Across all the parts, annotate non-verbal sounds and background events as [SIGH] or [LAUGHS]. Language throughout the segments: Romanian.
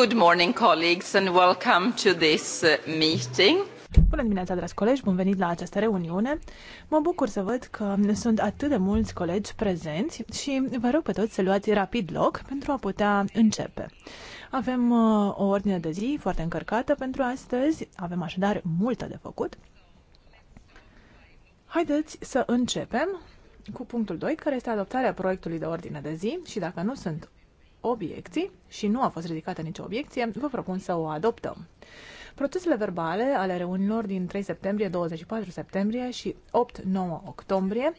Good morning, colleagues, and welcome to this uh, meeting. Bună dimineața, dragi colegi, bun venit la această reuniune. Mă bucur să văd că sunt atât de mulți colegi prezenți și vă rog pe toți să luați rapid loc pentru a putea începe. Avem uh, o ordine de zi foarte încărcată pentru astăzi, avem așadar multă de făcut. Haideți să începem cu punctul 2, care este adoptarea proiectului de ordine de zi și dacă nu sunt obiecții și nu a fost ridicată nicio obiecție, vă propun să o adoptăm. Procesele verbale ale reunilor din 3 septembrie, 24 septembrie și 8-9 octombrie,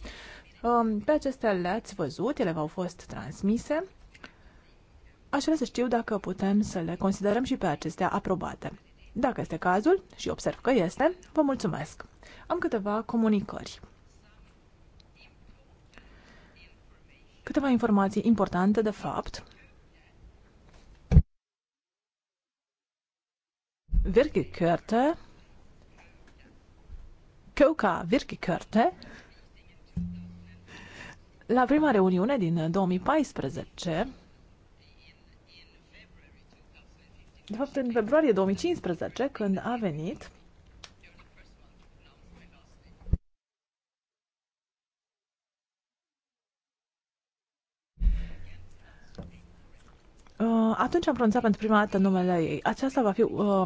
um, pe acestea le-ați văzut, ele v-au fost transmise. Aș vrea să știu dacă putem să le considerăm și pe acestea aprobate. Dacă este cazul, și observ că este, vă mulțumesc. Am câteva comunicări. Câteva informații importante, de fapt, virkekörte, Căuca virkekörte, la prima reuniune din 2014, de fapt în februarie 2015, când a venit, Uh, atunci am pronunțat pentru prima dată numele ei. Aceasta va fi uh,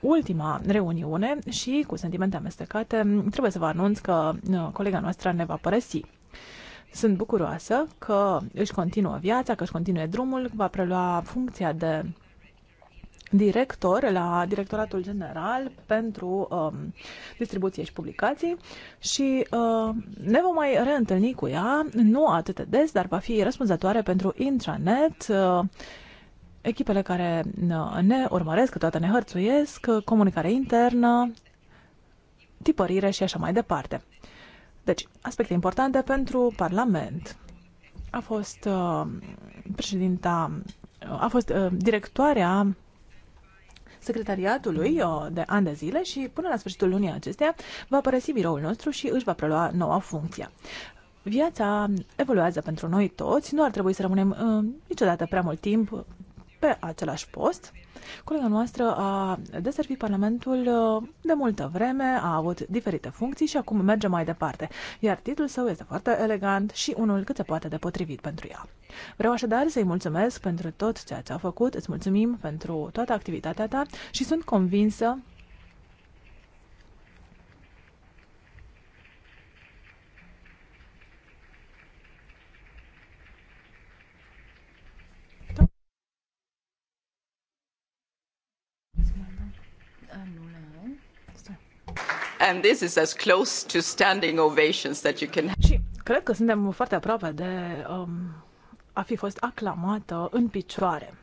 ultima reuniune și, cu sentimente amestecate, trebuie să vă anunț că uh, colega noastră ne va părăsi. Sunt bucuroasă că își continuă viața, că își continuă drumul, va prelua funcția de director la Directoratul General pentru um, Distribuție și Publicații și uh, ne vom mai reîntâlni cu ea, nu atât de des, dar va fi răspunzătoare pentru intranet, uh, echipele care uh, ne urmăresc, toate ne hărțuiesc, uh, comunicare internă, tipărire și așa mai departe. Deci, aspecte importante pentru Parlament. A fost uh, președinta, uh, a fost uh, directoarea secretariatului uh, de ani de zile și până la sfârșitul lunii acesteia va părăsi biroul nostru și își va prelua noua funcție. Viața evoluează pentru noi toți, nu ar trebui să rămânem uh, niciodată prea mult timp pe același post. Colega noastră a deservit Parlamentul uh, de multă vreme, a avut diferite funcții și acum merge mai departe, iar titlul său este foarte elegant și unul cât se poate de potrivit pentru ea. Vreau așadar să-i mulțumesc pentru tot ceea ce a făcut, îți mulțumim pentru toată activitatea ta și sunt convinsă And this is as close to standing ovations that you can Și cred că suntem foarte aproape de um, a fi fost aclamată în picioare.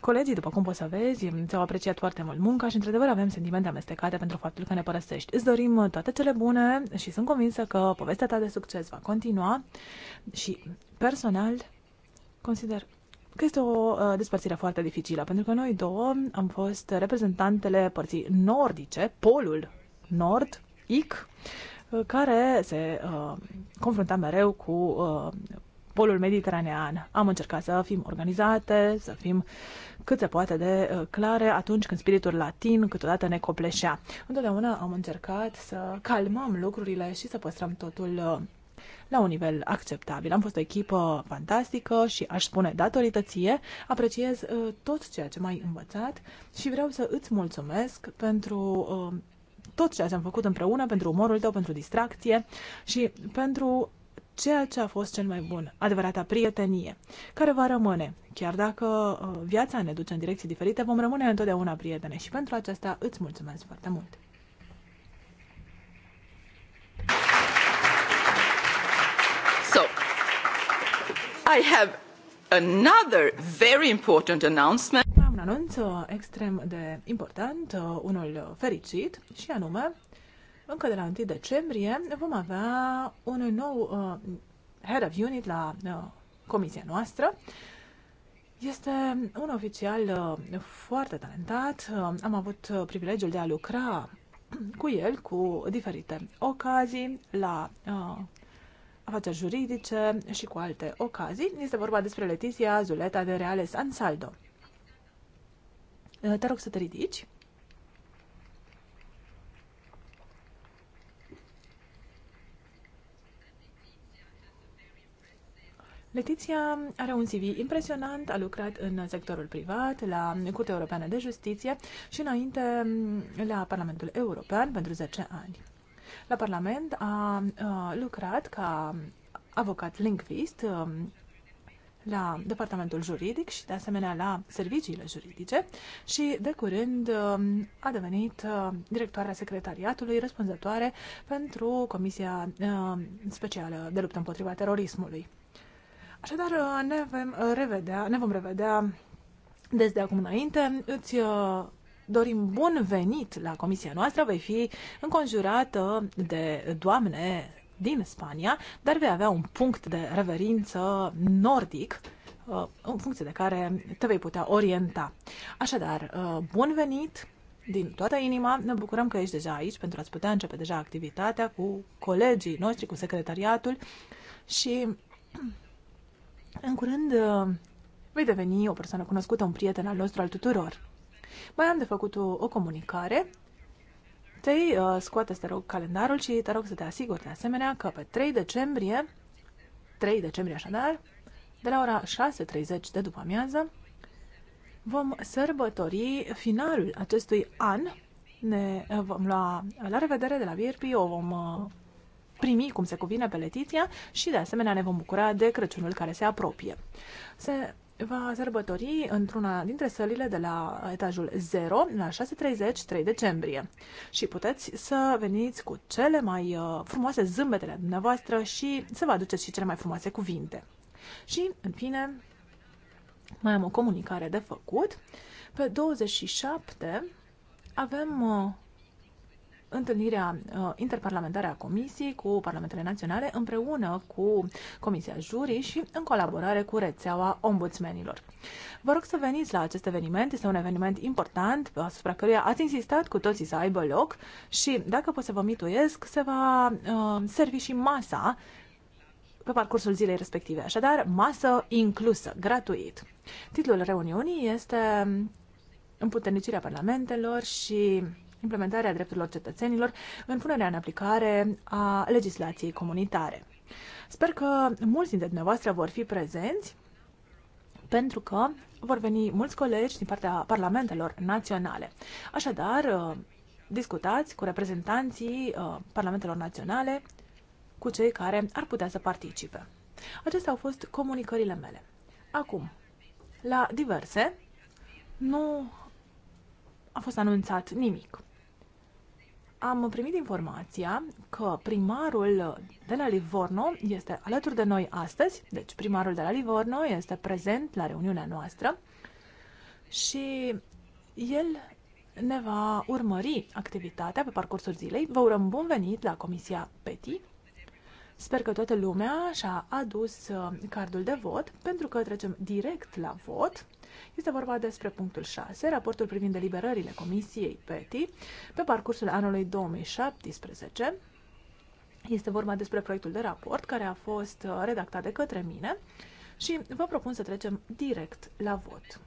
Colegii, după cum poți să vezi, ți-au apreciat foarte mult munca și, într-adevăr, avem sentimente amestecate pentru faptul că ne părăsești. Îți dorim toate cele bune și sunt convinsă că povestea ta de succes va continua și, personal, consider că este o uh, despărțire foarte dificilă, pentru că noi două am fost reprezentantele părții nordice, polul nord, IC, uh, care se uh, confrunta mereu cu uh, polul mediteranean. Am încercat să fim organizate, să fim cât se poate de uh, clare atunci când spiritul latin câteodată ne copleșea. Întotdeauna am încercat să calmăm lucrurile și să păstrăm totul uh, la un nivel acceptabil. Am fost o echipă fantastică și aș spune datorită ție, apreciez uh, tot ceea ce m-ai învățat și vreau să îți mulțumesc pentru uh, tot ceea ce am făcut împreună, pentru umorul tău, pentru distracție și pentru ceea ce a fost cel mai bun, adevărata prietenie, care va rămâne. Chiar dacă uh, viața ne duce în direcții diferite, vom rămâne întotdeauna prietene și pentru aceasta îți mulțumesc foarte mult. I have another very important announcement. Am un anunț extrem de important, unul fericit, și anume, încă de la 1 decembrie vom avea un nou uh, head of unit la uh, comisia noastră. Este un oficial uh, foarte talentat. Uh, am avut uh, privilegiul de a lucra cu el cu diferite ocazii la uh, afaceri juridice și cu alte ocazii. Este vorba despre Letizia Zuleta de Reales Ansaldo. Te rog să te ridici. Letizia are un CV impresionant, a lucrat în sectorul privat, la Curtea Europeană de Justiție și înainte la Parlamentul European pentru 10 ani. La Parlament a lucrat ca avocat lingvist la departamentul juridic și de asemenea la serviciile juridice și de curând a devenit directoarea secretariatului răspunzătoare pentru Comisia Specială de Luptă împotriva terorismului. Așadar, ne vom revedea, ne vom revedea desde acum înainte. Îți dorim bun venit la comisia noastră, vei fi înconjurată de doamne din Spania, dar vei avea un punct de reverință nordic în uh, funcție de care te vei putea orienta. Așadar, uh, bun venit din toată inima, ne bucurăm că ești deja aici pentru a-ți putea începe deja activitatea cu colegii noștri, cu secretariatul și în curând uh, vei deveni o persoană cunoscută, un prieten al nostru, al tuturor. Mai am de făcut o, o comunicare. Te uh, scoateți, te rog, calendarul și te rog să te asiguri de asemenea că pe 3 decembrie, 3 decembrie așadar, de la ora 6.30 de după amiază, vom sărbători finalul acestui an. Ne uh, vom lua la revedere de la VRP, o vom uh, primi cum se cuvine pe Letiția și de asemenea ne vom bucura de Crăciunul care se apropie. Se va sărbători într-una dintre sălile de la etajul 0 la 6.30, 3 decembrie. Și puteți să veniți cu cele mai uh, frumoase zâmbetele dumneavoastră și să vă aduceți și cele mai frumoase cuvinte. Și, în fine, mai am o comunicare de făcut. Pe 27 avem uh, întâlnirea uh, interparlamentară a Comisiei cu Parlamentele Naționale împreună cu Comisia Jurii și în colaborare cu rețeaua ombudsmenilor. Vă rog să veniți la acest eveniment, este un eveniment important asupra căruia ați insistat cu toții să aibă loc și, dacă pot să vă mituiesc, se va uh, servi și masa pe parcursul zilei respective. Așadar, masă inclusă, gratuit. Titlul reuniunii este Împuternicirea parlamentelor și implementarea drepturilor cetățenilor în punerea în aplicare a legislației comunitare. Sper că mulți dintre dumneavoastră vor fi prezenți pentru că vor veni mulți colegi din partea parlamentelor naționale. Așadar, uh, discutați cu reprezentanții uh, parlamentelor naționale, cu cei care ar putea să participe. Acestea au fost comunicările mele. Acum, la diverse, nu a fost anunțat nimic am primit informația că primarul de la Livorno este alături de noi astăzi, deci primarul de la Livorno este prezent la reuniunea noastră și el ne va urmări activitatea pe parcursul zilei. Vă urăm bun venit la Comisia PETI. Sper că toată lumea și-a adus uh, cardul de vot pentru că trecem direct la vot. Este vorba despre punctul 6, raportul privind deliberările Comisiei PETI pe parcursul anului 2017. Este vorba despre proiectul de raport care a fost uh, redactat de către mine și vă propun să trecem direct la vot.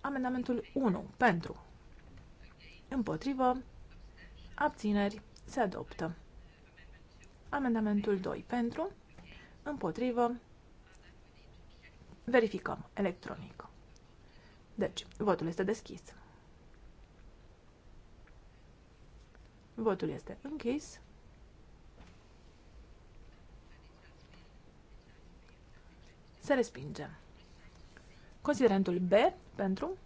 Amendamentul 1 pentru împotrivă abțineri se adoptă. Amendamentul 2 pentru împotrivă verificăm electronic. Deci, votul este deschis. Votul este închis. Se respinge. Considerentul B pentru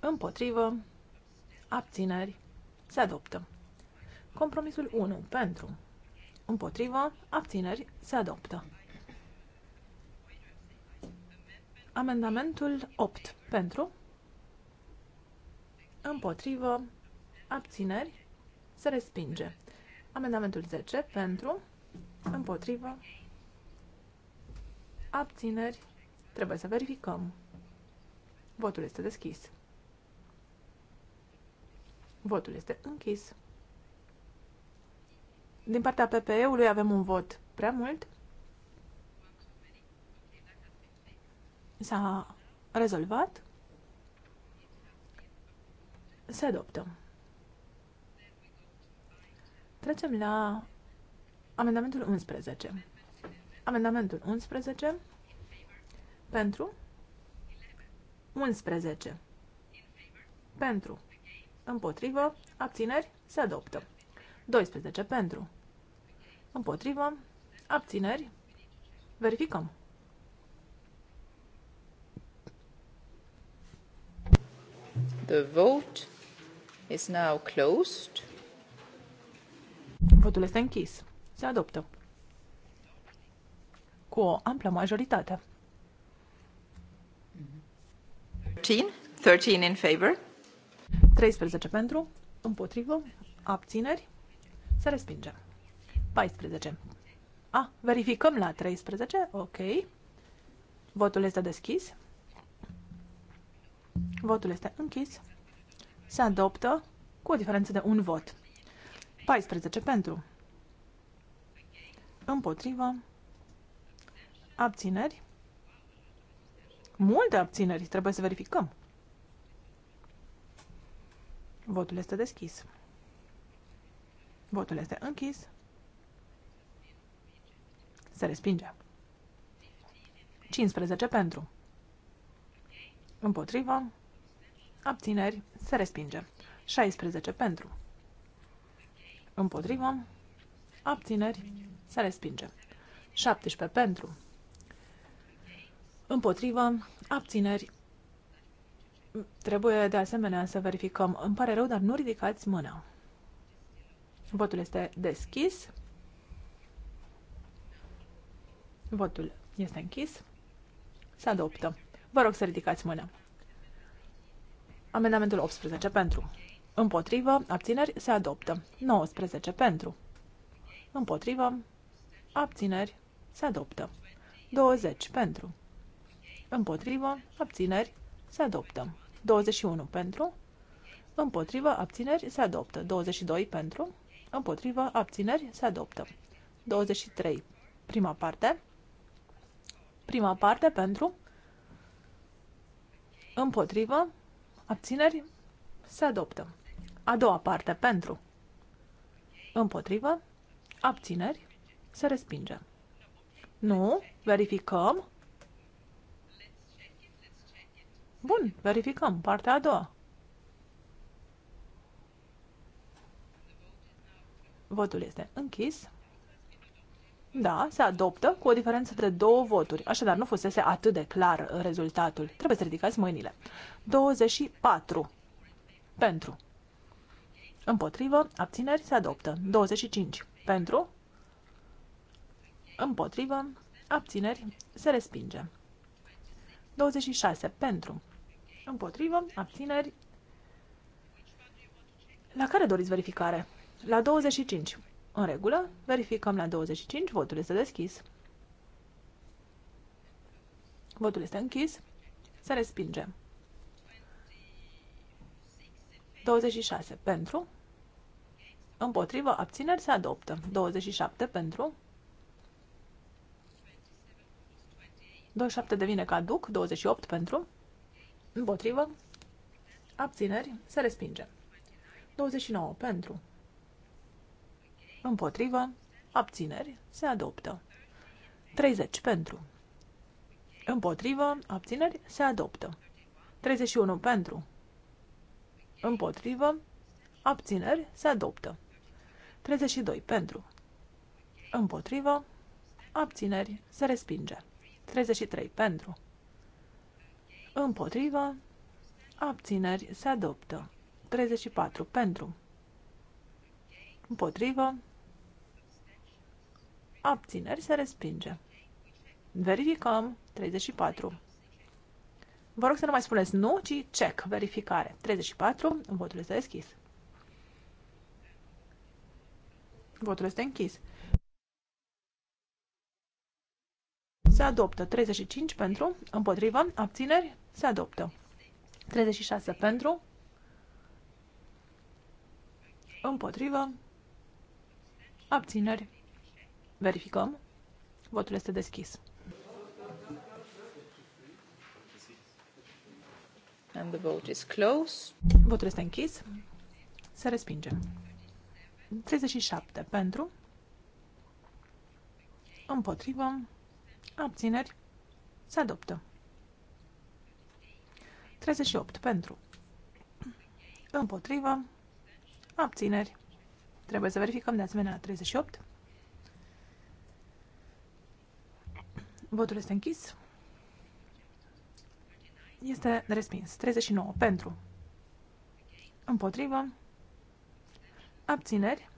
împotrivă abțineri se adoptă. Compromisul 1 pentru împotrivă abțineri se adoptă. Amendamentul 8 pentru, împotrivă, abțineri, se respinge. Amendamentul 10 pentru, împotrivă, abțineri, trebuie să verificăm. Votul este deschis. Votul este închis. Din partea PPE-ului avem un vot prea mult. S-a rezolvat. Se adoptă. Trecem la amendamentul 11. Amendamentul 11 pentru 11 pentru împotrivă abțineri se adoptă 12 pentru împotrivă abțineri verificăm The vote is now closed. Votul este închis. Se adoptă. Cu o amplă majoritate. 13, 13 in favor. 13 pentru, împotrivă, abțineri, se respinge. 14. A, verificăm la 13, ok. Votul este deschis. Votul este închis. Se adoptă cu o diferență de un vot. 14 pentru. Împotrivă. Abțineri. Multe abțineri. Trebuie să verificăm. Votul este deschis. Votul este închis. Se respinge. 15 pentru. Împotrivă. Abțineri. Se respinge. 16 pentru. Împotrivă. Abțineri. Se respinge. 17 pentru. Împotrivă. Abțineri. Trebuie de asemenea să verificăm. Îmi pare rău, dar nu ridicați mâna. Votul este deschis. Votul este închis. Se adoptă. Vă rog să ridicați mâna. Amendamentul 18 pentru. Împotrivă, abțineri, se adoptă. 19 pentru. Împotrivă, abțineri, se adoptă. 20 pentru. Împotrivă, abțineri, se adoptă. 21 pentru. Împotrivă, abțineri, se adoptă. 22 pentru. Împotrivă, abțineri, se adoptă. 23. Prima parte. Prima parte pentru. Împotrivă, Abțineri? Se adoptă. A doua parte. Pentru. Împotrivă. Abțineri? Se respinge. Nu. Verificăm. Bun. Verificăm. Partea a doua. Votul este închis. Da, se adoptă cu o diferență de două voturi. Așadar, nu fusese atât de clar rezultatul. Trebuie să ridicați mâinile. 24. Pentru. Împotrivă. Abțineri. Se adoptă. 25. Pentru. Împotrivă. Abțineri. Se respinge. 26. Pentru. Împotrivă. Abțineri. La care doriți verificare? La 25. În regulă, verificăm la 25, votul este deschis. Votul este închis. Se respinge. 26 pentru. Împotrivă, abțineri, se adoptă. 27 pentru. 27 devine caduc, 28 pentru. Împotrivă, abțineri, se respinge. 29 pentru. Împotrivă. Abțineri. Se adoptă. 30 pentru. Împotrivă. Abțineri. Se adoptă. 31 pentru. Împotrivă. Abțineri. Se adoptă. 32 pentru. Împotrivă. Abțineri. Se respinge. 33 pentru. Împotrivă. Abțineri. Se adoptă. 34 pentru. Împotrivă abțineri, se respinge. Verificăm. 34. Vă rog să nu mai spuneți nu, ci check, verificare. 34, votul este deschis. Votul este închis. Se adoptă 35 pentru, împotrivă, abțineri, se adoptă. 36 pentru, împotrivă, abțineri, Verificăm. Votul este deschis. And the vote is closed. Votul este închis. Se respinge. 37 pentru. Împotrivă. Abțineri. Se adoptă. 38 pentru. Împotrivă. Abțineri. Trebuie să verificăm de asemenea 38. Votul este închis. Este respins. 39 pentru. Împotrivă. Abțineri.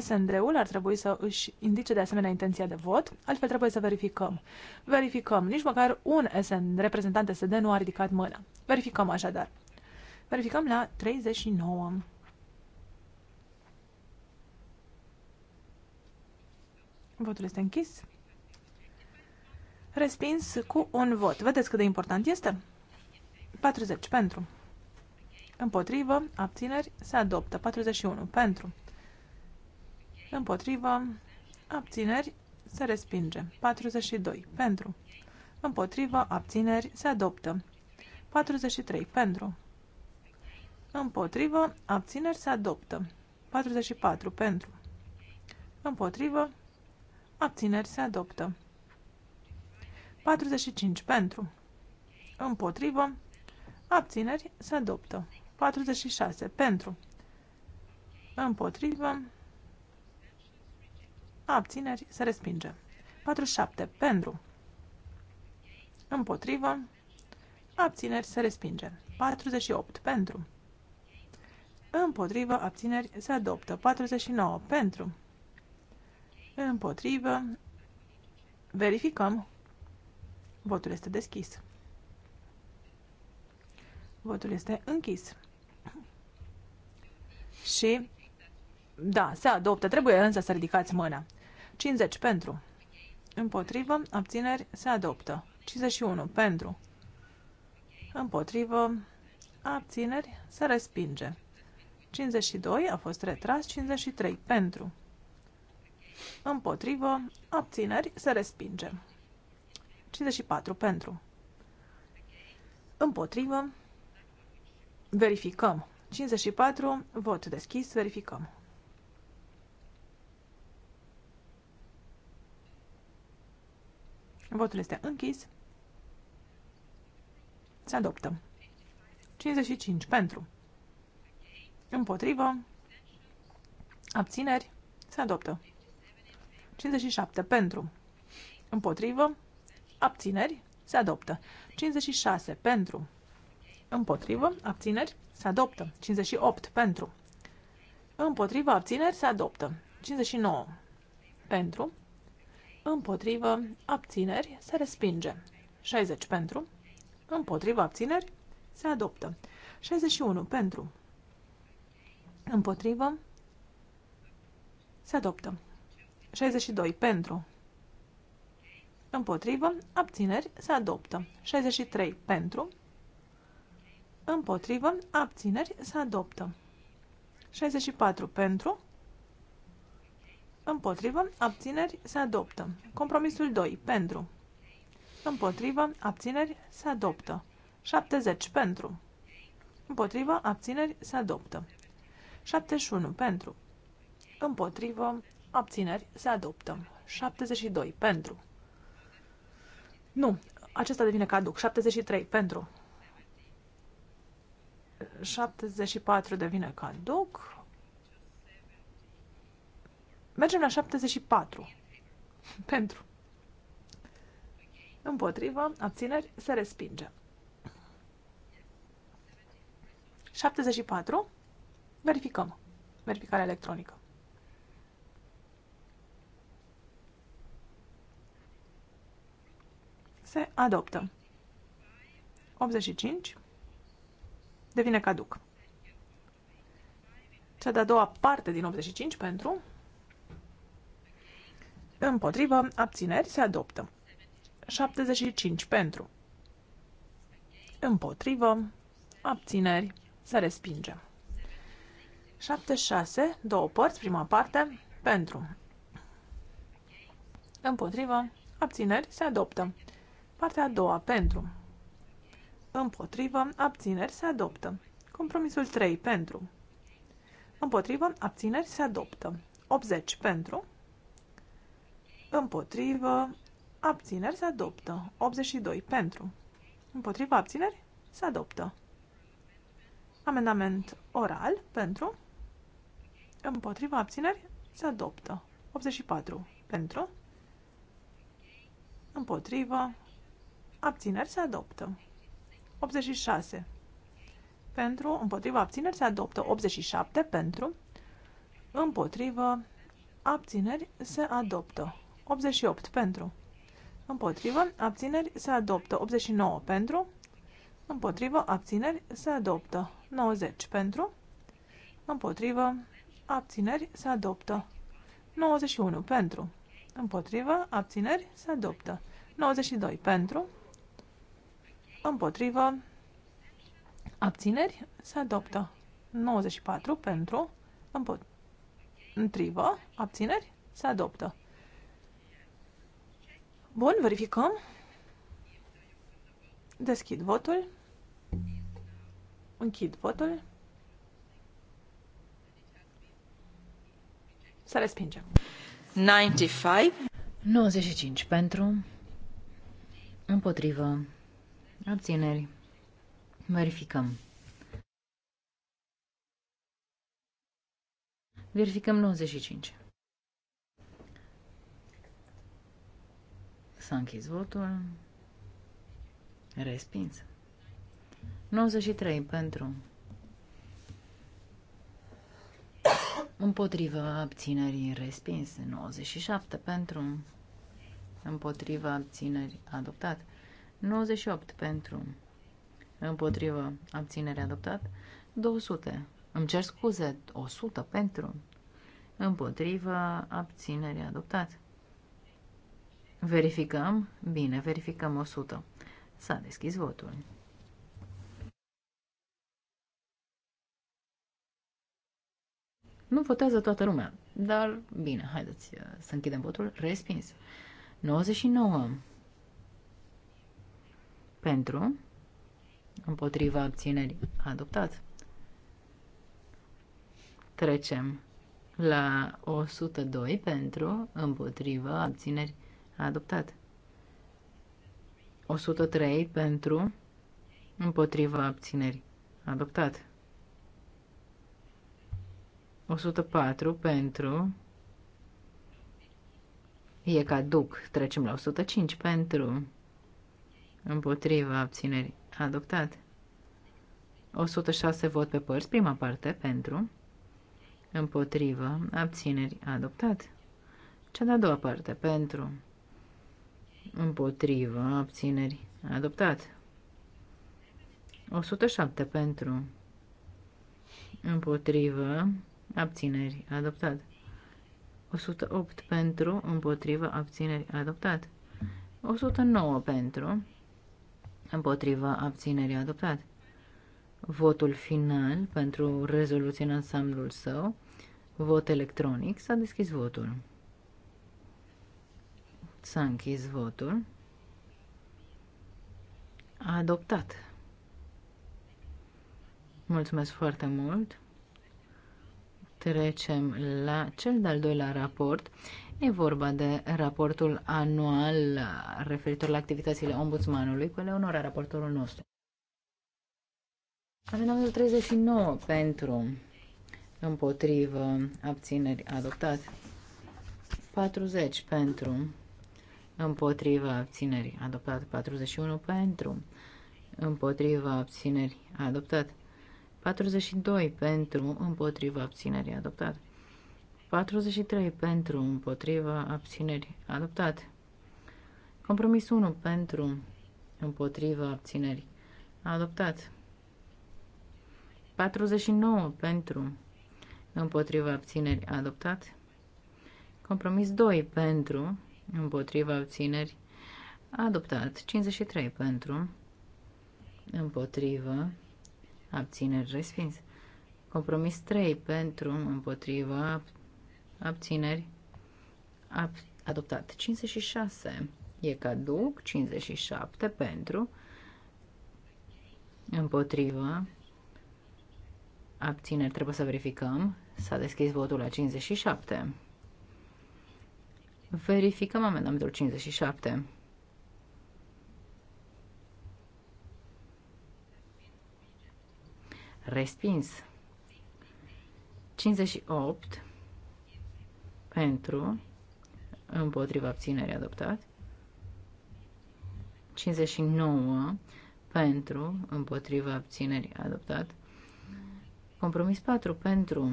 SND-ul ar trebui să își indice de asemenea intenția de vot, altfel trebuie să verificăm. Verificăm. Nici măcar un SN, reprezentant SD, nu a ridicat mâna. Verificăm așadar. Verificăm la 39. Votul este închis. Respins cu un vot. Vedeți cât de important este? 40 pentru. Împotrivă, abțineri, se adoptă. 41 pentru. Împotrivă, abțineri, se respinge. 42 pentru. Împotrivă, abțineri, se adoptă. 43 pentru. Împotrivă, abțineri, se adoptă. 44 pentru. Împotrivă, abțineri, se adoptă. 45 pentru. Împotrivă. Abțineri se adoptă. 46 pentru. Împotrivă. Abțineri se respinge. 47 pentru. Împotrivă. Abțineri se respinge. 48 pentru. Împotrivă. Abțineri se adoptă. 49 pentru. Împotrivă. Verificăm. Votul este deschis. Votul este închis. Și, da, se adoptă. Trebuie însă să ridicați mâna. 50 pentru. Împotrivă, abțineri, se adoptă. 51 pentru. Împotrivă, abțineri, se respinge. 52 a fost retras, 53 pentru. Împotrivă, abțineri, se respinge. 54 pentru. Împotrivă. Verificăm. 54, vot deschis, verificăm. Votul este închis. Se adoptă. 55 pentru. Împotrivă. Abțineri. Se adoptă. 57 pentru. Împotrivă. Abțineri. Se adoptă. 56. Pentru. Împotrivă. Abțineri. Se adoptă. 58. Pentru. Împotrivă. Abțineri. Se adoptă. 59. Pentru. Împotrivă. Abțineri. Se respinge. 60. Pentru. Împotrivă. Abțineri. Se adoptă. 61. Pentru. Împotrivă. Se adoptă. 62. Pentru. Împotrivă. Abțineri. Se adoptă. 63. Pentru. Împotrivă. Abțineri. Se adoptă. 64. Pentru. Împotrivă. Abțineri. Se adoptă. Compromisul 2. Pentru. Împotrivă. Abțineri. Se adoptă. 70. Pentru. Împotrivă. Abțineri. Se adoptă. 71. Pentru. Împotrivă. Abțineri. Se adoptă. 72. Pentru. Nu, acesta devine caduc. 73 pentru. 74 devine caduc. Mergem la 74. [LAUGHS] Pentru. Împotrivă, abțineri, se respinge. 74. Verificăm. Verificare electronică. se adoptă. 85 devine caduc. Cea de-a doua parte din 85 pentru împotrivă, abțineri, se adoptă. 75 pentru împotrivă, abțineri, se respinge. 76, două părți, prima parte, pentru împotrivă, abțineri, se adoptă. Partea a doua, pentru. Împotrivă, abțineri, se adoptă. Compromisul 3, pentru. Împotrivă, abțineri, se adoptă. 80, pentru. Împotrivă, abțineri, se adoptă. 82, pentru. Împotrivă, abțineri, se adoptă. Amendament oral, pentru. Împotrivă, abțineri, se adoptă. 84, pentru. Împotrivă, Abțineri se adoptă. 86. Pentru, împotriva abțineri se adoptă. 87 pentru, împotrivă, abțineri se adoptă. 88 pentru, împotrivă, abțineri se adoptă. 89 pentru, împotrivă, abțineri se adoptă. 90 pentru, împotrivă, abțineri se adoptă. 91 pentru, împotrivă, abțineri se adoptă. 92 pentru, împotrivă, abțineri, se adoptă. 94 pentru, împotrivă, abțineri, se adoptă. Bun, verificăm. Deschid votul. Închid votul. Să respingem. 95. 95 pentru. Împotrivă. Abțineri. Verificăm. Verificăm 95. S-a închis votul. Respins. 93 pentru. Împotriva abținerii respins. 97 pentru. Împotriva abținerii adoptat. 98 pentru. Împotrivă. Abținere adoptat. 200. Îmi cer scuze. 100 pentru. Împotrivă. Abținere adoptat. Verificăm. Bine, verificăm 100. S-a deschis votul. Nu votează toată lumea, dar bine, haideți uh, să închidem votul. Respins. 99 pentru, împotriva abținerii adoptat. Trecem la 102 pentru, împotriva abținerii adoptat. 103 pentru, împotriva abținerii adoptat. 104 pentru, e caduc, trecem la 105 pentru, Împotriva abținerii. Adoptat. 106 vot pe părți, prima parte, pentru. împotrivă abțineri Adoptat. Cea de-a doua parte, pentru. împotrivă, abțineri, Adoptat. 107 pentru. Împotrivă. Abțineri. Adoptat. 108 pentru. Împotrivă. Abțineri. Adoptat. 109 pentru împotriva abținerii adoptat. Votul final pentru rezoluție în ansamblul său, vot electronic, s-a deschis votul. S-a închis votul. A adoptat. Mulțumesc foarte mult. Trecem la cel de-al doilea raport. E vorba de raportul anual referitor la activitățile ombudsmanului cu Eleonora, raportorul nostru. Amendamentul 39 pentru împotrivă abțineri adoptat. 40 pentru împotriva abțineri adoptat. 41 pentru împotriva abțineri adoptat. 42 pentru împotriva abținerii adoptat. 43 pentru, împotriva, abțineri, adoptat. Compromis 1 pentru, împotriva, abțineri, adoptat. 49 pentru, împotriva, abțineri, adoptat. Compromis 2 pentru, împotriva, abțineri, adoptat. 53 pentru, împotriva, abțineri, respins. Compromis 3 pentru, împotriva, abțineri, abțineri, adoptat. 56 e caduc, 57 pentru, împotrivă, abțineri, trebuie să verificăm, s-a deschis votul la 57. Verificăm amendamentul 57. Respins. 58 pentru, împotriva abținerii adoptat, 59 pentru, împotriva abținerii adoptat, compromis 4 pentru,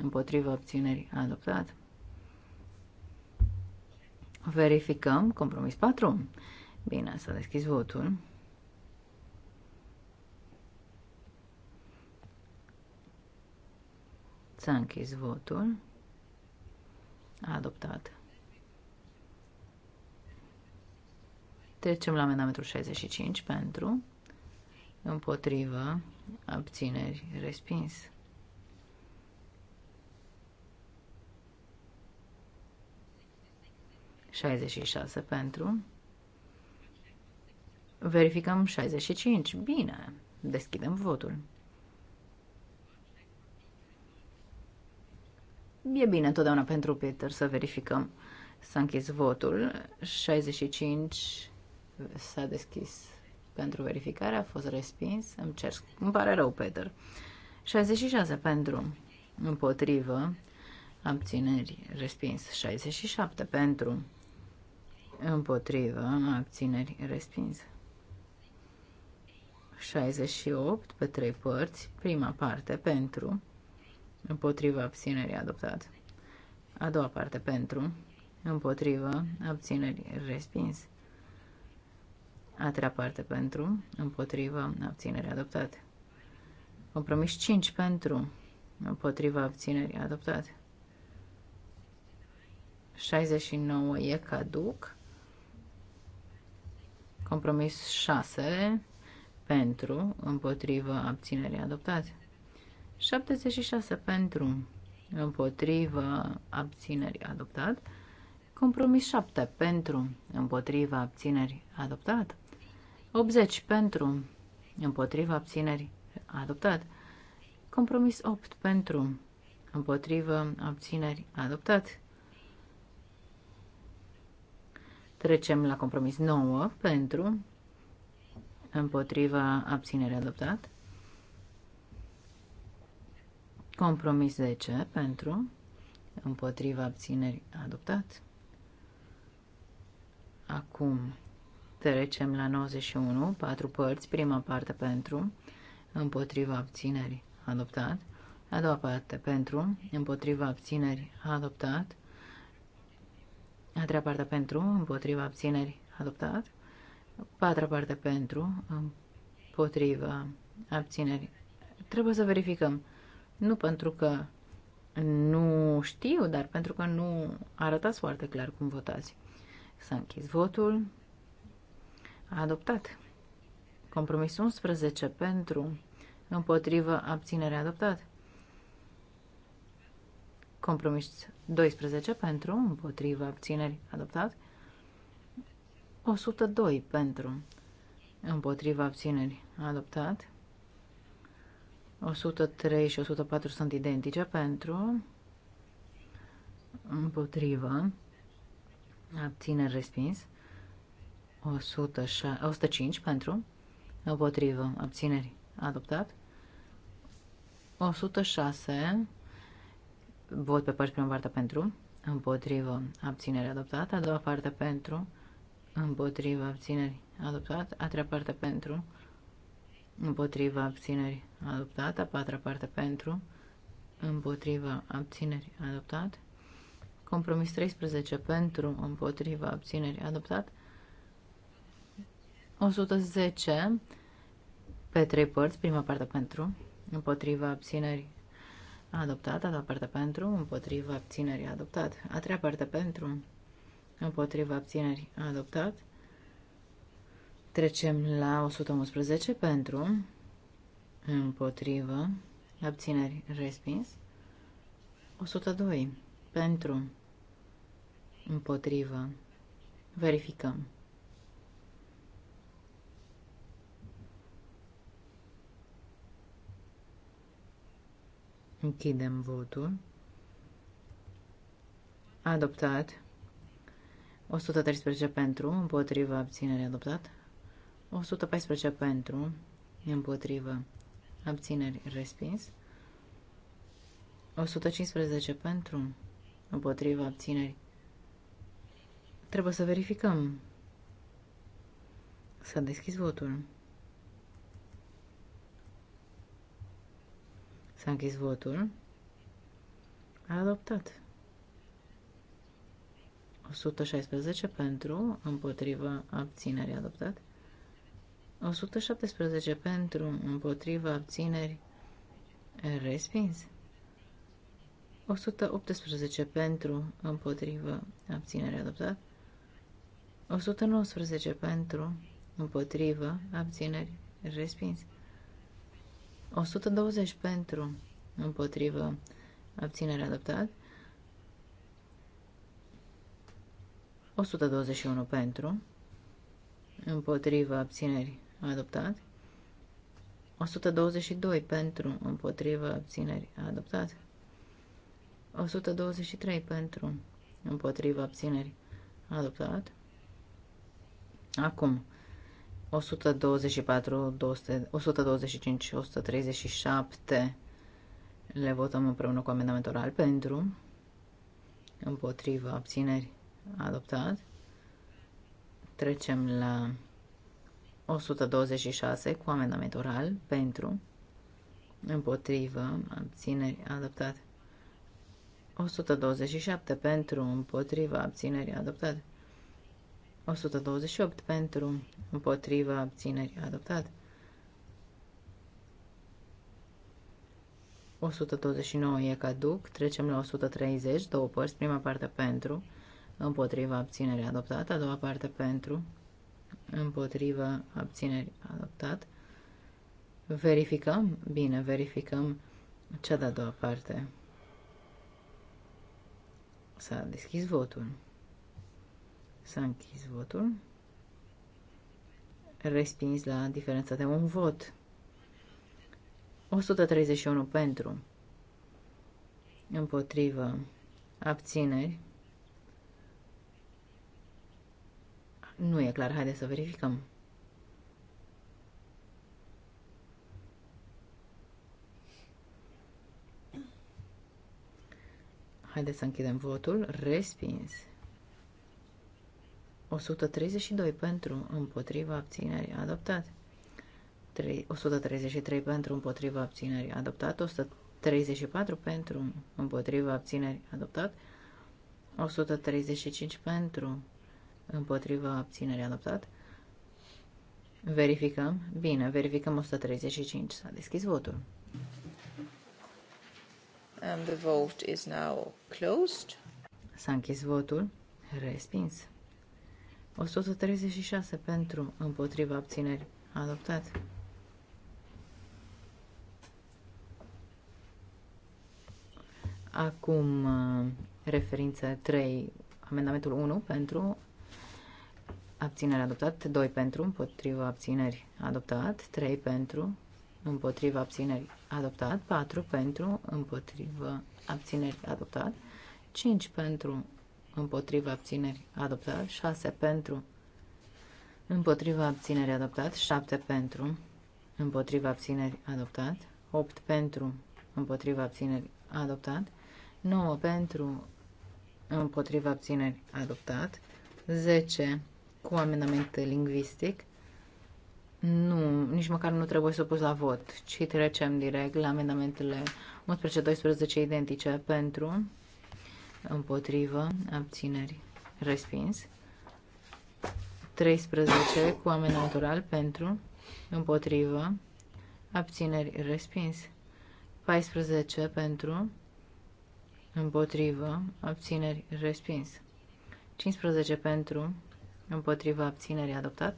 împotriva abținerii adoptat. Verificăm compromis 4. Bine, s-a deschis votul. S-a închis votul. Adoptat. Trecem la amendamentul 65 pentru, împotrivă, abțineri, respins. 66 pentru. Verificăm 65. Bine, deschidem votul. E bine întotdeauna pentru Peter să verificăm. S-a închis votul. 65 s-a deschis pentru verificare, a fost respins. Îmi cer, îmi pare rău, Peter. 66 pentru, împotrivă, abțineri, respins. 67 pentru, împotrivă, abțineri, respins. 68 pe trei părți, prima parte pentru, împotriva abținerii adoptat. A doua parte pentru, împotriva abținerii respins. A treia parte pentru, împotriva abținerii adoptat. Compromis 5 pentru, împotriva abținerii adoptat. 69 e caduc. Compromis 6 pentru, împotriva abținerii adoptat. 76 pentru, împotriva abținerii adoptat. Compromis 7 pentru, împotriva abținerii adoptat. 80 pentru, împotriva abținerii adoptat. Compromis 8 pentru, împotriva abținerii adoptat. Trecem la compromis 9 pentru, împotriva abținere adoptat. Compromis de ce pentru, împotriva abțineri adoptat. Acum trecem la 91, patru părți, prima parte pentru, împotriva abțineri adoptat. A doua parte pentru, împotriva abțineri adoptat. A treia parte pentru, împotriva abțineri adoptat. patra parte pentru, împotriva abțineri. Trebuie să verificăm. Nu pentru că nu știu, dar pentru că nu arătați foarte clar cum votați. S-a închis votul. A adoptat. Compromis 11 pentru, împotrivă, abținere adoptat. Compromis 12 pentru, împotrivă, abțineri adoptat. 102 pentru, împotrivă, abțineri adoptat. 103 și 104 sunt identice pentru, împotrivă, abțineri respins, 106, 105 pentru, împotrivă, abțineri adoptat, 106, vot pe părți prima parte pentru, împotrivă, abținere adoptat, a doua parte pentru, împotrivă, abțineri adoptat, a treia parte pentru, împotriva abțineri adoptat, a patra parte pentru, împotriva abțineri adoptat, compromis 13 pentru, împotriva abțineri adoptat, 110 pe trei părți, prima parte pentru, împotriva abțineri adoptat, a doua parte pentru, împotriva abținerii adoptat, a treia parte pentru, împotriva abținerii adoptat, Trecem la 111 pentru, împotrivă, abțineri, respins. 102 pentru, împotrivă, verificăm. Închidem votul. Adoptat. 113 pentru, împotriva abținere adoptat. 114 pentru, împotrivă, abțineri, respins. 115 pentru, împotrivă, abțineri. Trebuie să verificăm. S-a deschis votul. S-a închis votul. A adoptat. 116 pentru, împotrivă, abținere adoptat. 117 pentru, împotriva, abțineri, respins. 118 pentru, împotriva abținere adoptat. 119 pentru, împotriva abțineri, respins. 120 pentru, împotriva abținere adoptat. 121 pentru, împotriva abțineri, adoptat. 122 pentru, împotrivă, abțineri, adoptat. 123 pentru, împotrivă, abțineri, adoptat. Acum, 124, 200, 125, 137 le votăm împreună cu amendamentul oral pentru, împotrivă, abțineri, adoptat. Trecem la 126 cu amendament oral pentru, împotrivă, abțineri, adoptat. 127 pentru, împotrivă, abțineri, adoptat. 128 pentru, împotrivă, abțineri, adoptat. 129 e caduc, trecem la 130, două părți, prima parte pentru, împotriva abținerii adoptată, a doua parte pentru, împotriva abținerii adoptat. Verificăm? Bine, verificăm cea de-a doua parte. S-a deschis votul. S-a închis votul. Respins la diferența de un vot. 131 pentru. Împotrivă. Abțineri. Nu e clar, haideți să verificăm. Haideți să închidem votul. Respins. 132 pentru, împotriva abținerii, adoptat. 133 pentru, împotriva abținerii, adoptat. 134 pentru, împotriva abținerii, adoptat. 135 pentru, împotriva abținerii adoptat. Verificăm. Bine, verificăm 135. S-a deschis votul. And the vote is now closed. S-a închis votul. Respins. 136 pentru împotriva abțineri. Adoptat. Acum uh, referință 3, amendamentul 1 pentru abținere adoptat, 2 pentru, împotriva abțineri adoptat, 3 pentru, împotriva abțineri adoptat, 4 pentru, împotriva abțineri adoptat, 5 pentru, împotriva abțineri adoptat, 6 pentru, împotriva abțineri adoptat, 7 pentru, împotriva abțineri adoptat, 8 pentru, împotriva abțineri adoptat, 9 pentru, împotriva abțineri adoptat, 10 cu amendament lingvistic. Nu, nici măcar nu trebuie să pus la vot, ci trecem direct la amendamentele 11-12 identice pentru, împotrivă, abțineri, respins. 13 cu amendament oral pentru, împotrivă, abțineri, respins. 14 pentru, împotrivă, abțineri, respins. 15 pentru, împotriva abținerii adoptat.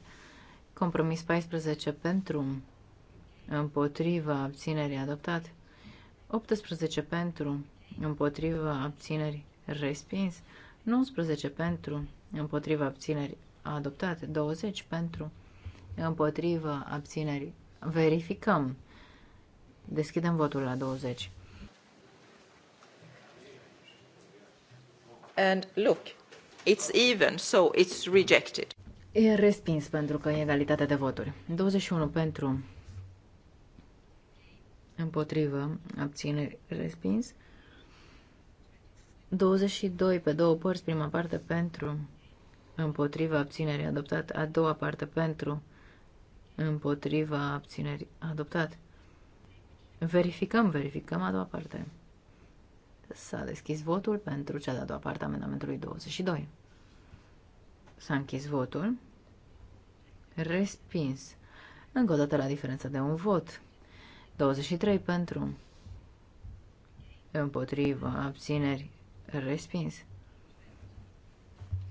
Compromis 14 pentru, împotriva abținerii adoptat. 18 pentru, împotriva abținerii respins. 19 pentru, împotriva abținerii adoptat. 20 pentru, împotriva abținerii. Verificăm. Deschidem votul la 20. And look, It's even, so it's rejected. E respins pentru că e egalitate de voturi. 21 pentru, împotrivă, abține respins. 22 pe două părți, prima parte pentru, împotriva abținerii adoptat, a doua parte pentru, împotriva abținerii adoptat. Verificăm, verificăm a doua parte. S-a deschis votul pentru cea de-a doua parte a amendamentului 22. S-a închis votul. Respins. Încă o dată la diferență de un vot. 23 pentru. Împotrivă. Abțineri. Respins.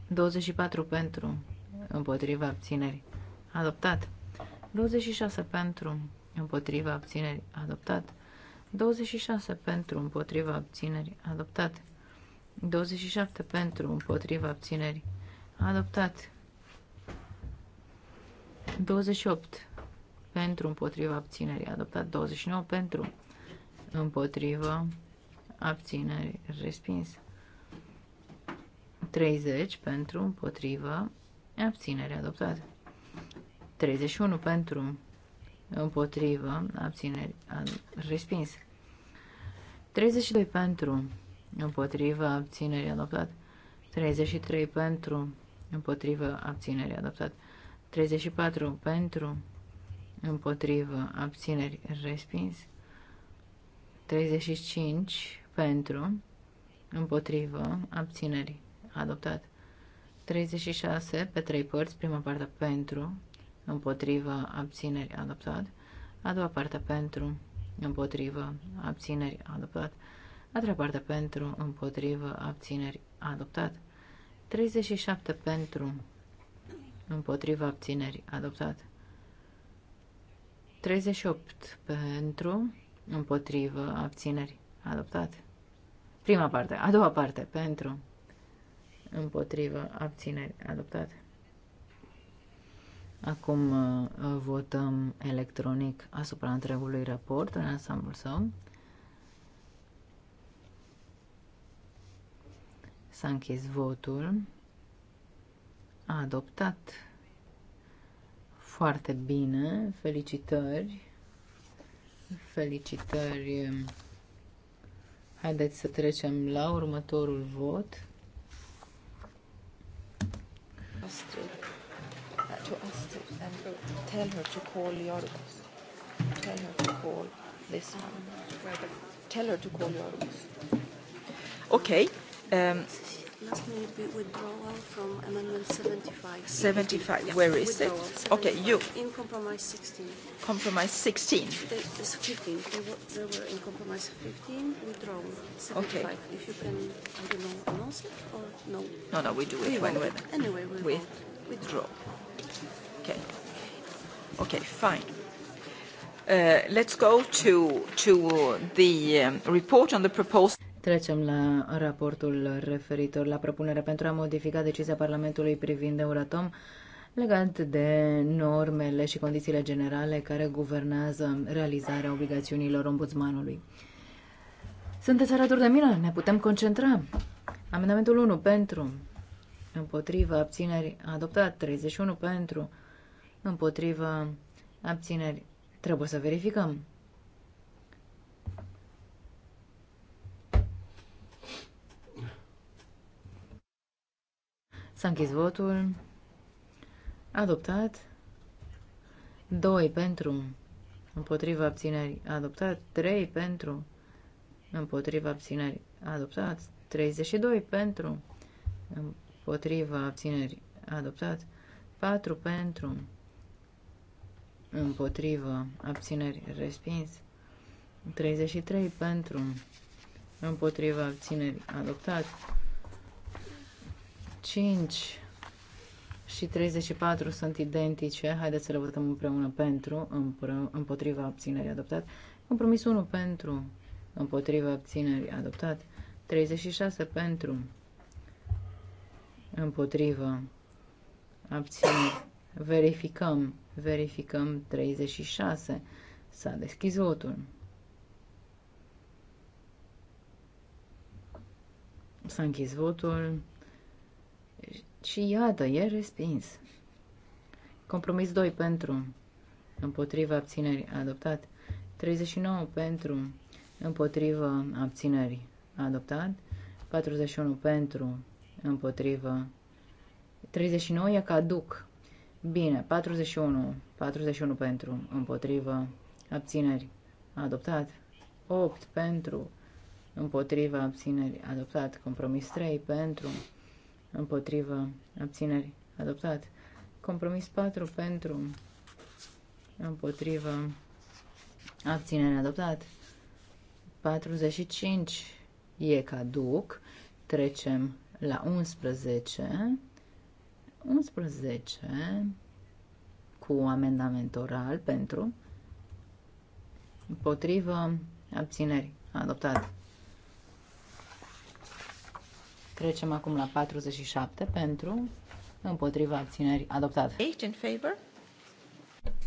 24 pentru. Împotrivă. abțineri. Adoptat. 26 pentru. Împotrivă. abțineri. Adoptat. 26 pentru împotriva abțineri adoptat. 27 pentru împotriva abțineri adoptat. 28 pentru împotriva abținerii adoptat. 29 pentru împotriva abțineri respins. 30 pentru împotriva abținerii adoptat. 31 pentru împotrivă, abțineri, respins. 32 pentru, împotrivă, abțineri, adoptat. 33 pentru, împotrivă, abțineri, adoptat. 34 pentru, împotrivă, abțineri, respins. 35 pentru, împotrivă, abțineri, adoptat. 36 pe trei părți, prima parte pentru, împotriva abțineri adoptat, a doua parte pentru împotriva abțineri adoptat, a treia parte pentru împotriva abțineri adoptat, 37 pentru împotriva abțineri adoptat, 38 pentru împotriva abțineri adoptat. Prima parte, a doua parte pentru împotriva abțineri adoptate. Acum uh, votăm electronic asupra întregului raport în ansamblul său. S-a închis votul. A adoptat foarte bine. Felicitări. Felicitări. Haideți să trecem la următorul vot. Astfel tell her to call Yorgos. Tell her to call this one. Tell her to call Yorgos. Okay. Um, Last minute withdrawal from Amendment 75. 75. Yeah. Where is withdrawal, it? 75. Okay, you. In Compromise 16. Compromise 16. it's 15. They were, they were in Compromise 15, withdrawal 75. Okay. If you can, I don't know, announce it or no? No, no, we do it we when we're... Anyway, we, we withdraw. Okay. Okay, fine. Uh, let's go to, to the um, report on the proposal. Trecem la raportul referitor la propunerea pentru a modifica decizia Parlamentului privind Euratom legat de normele și condițiile generale care guvernează realizarea obligațiunilor ombudsmanului. Sunteți alături de mine? Ne putem concentra. Amendamentul 1 pentru, împotriva, abțineri, adoptat, 31 pentru, împotriva abțineri. Trebuie să verificăm. S-a închis votul. Adoptat. 2 pentru. Împotriva abținerii. Adoptat. 3 pentru. Împotriva abținerii. Adoptat. 32 pentru. Împotriva abținerii. Adoptat. 4 pentru împotrivă, abțineri, respins. 33 pentru, împotrivă, abțineri, adoptat. 5 și 34 sunt identice. Haideți să le votăm împreună pentru, Împotrivă. Abțineri. adoptat. Compromis 1 pentru, Împotrivă. Abțineri. adoptat. 36 pentru, Împotrivă. Abțineri. Verificăm Verificăm 36. S-a deschis votul. S-a închis votul și iată, e respins. Compromis 2 pentru, împotriva abținerii, adoptat. 39 pentru, împotriva abținerii, adoptat. 41 pentru, împotriva. 39 e caduc. Bine, 41. 41 pentru, împotrivă, abțineri, adoptat. 8 pentru, împotrivă, abțineri, adoptat. Compromis 3 pentru, împotrivă, abțineri, adoptat. Compromis 4 pentru, împotrivă, abținere, adoptat. 45 e caduc. Trecem la 11. 11 cu amendament oral pentru împotrivă abțineri adoptat. Trecem acum la 47 pentru împotriva abțineri adoptat. 8 in favor.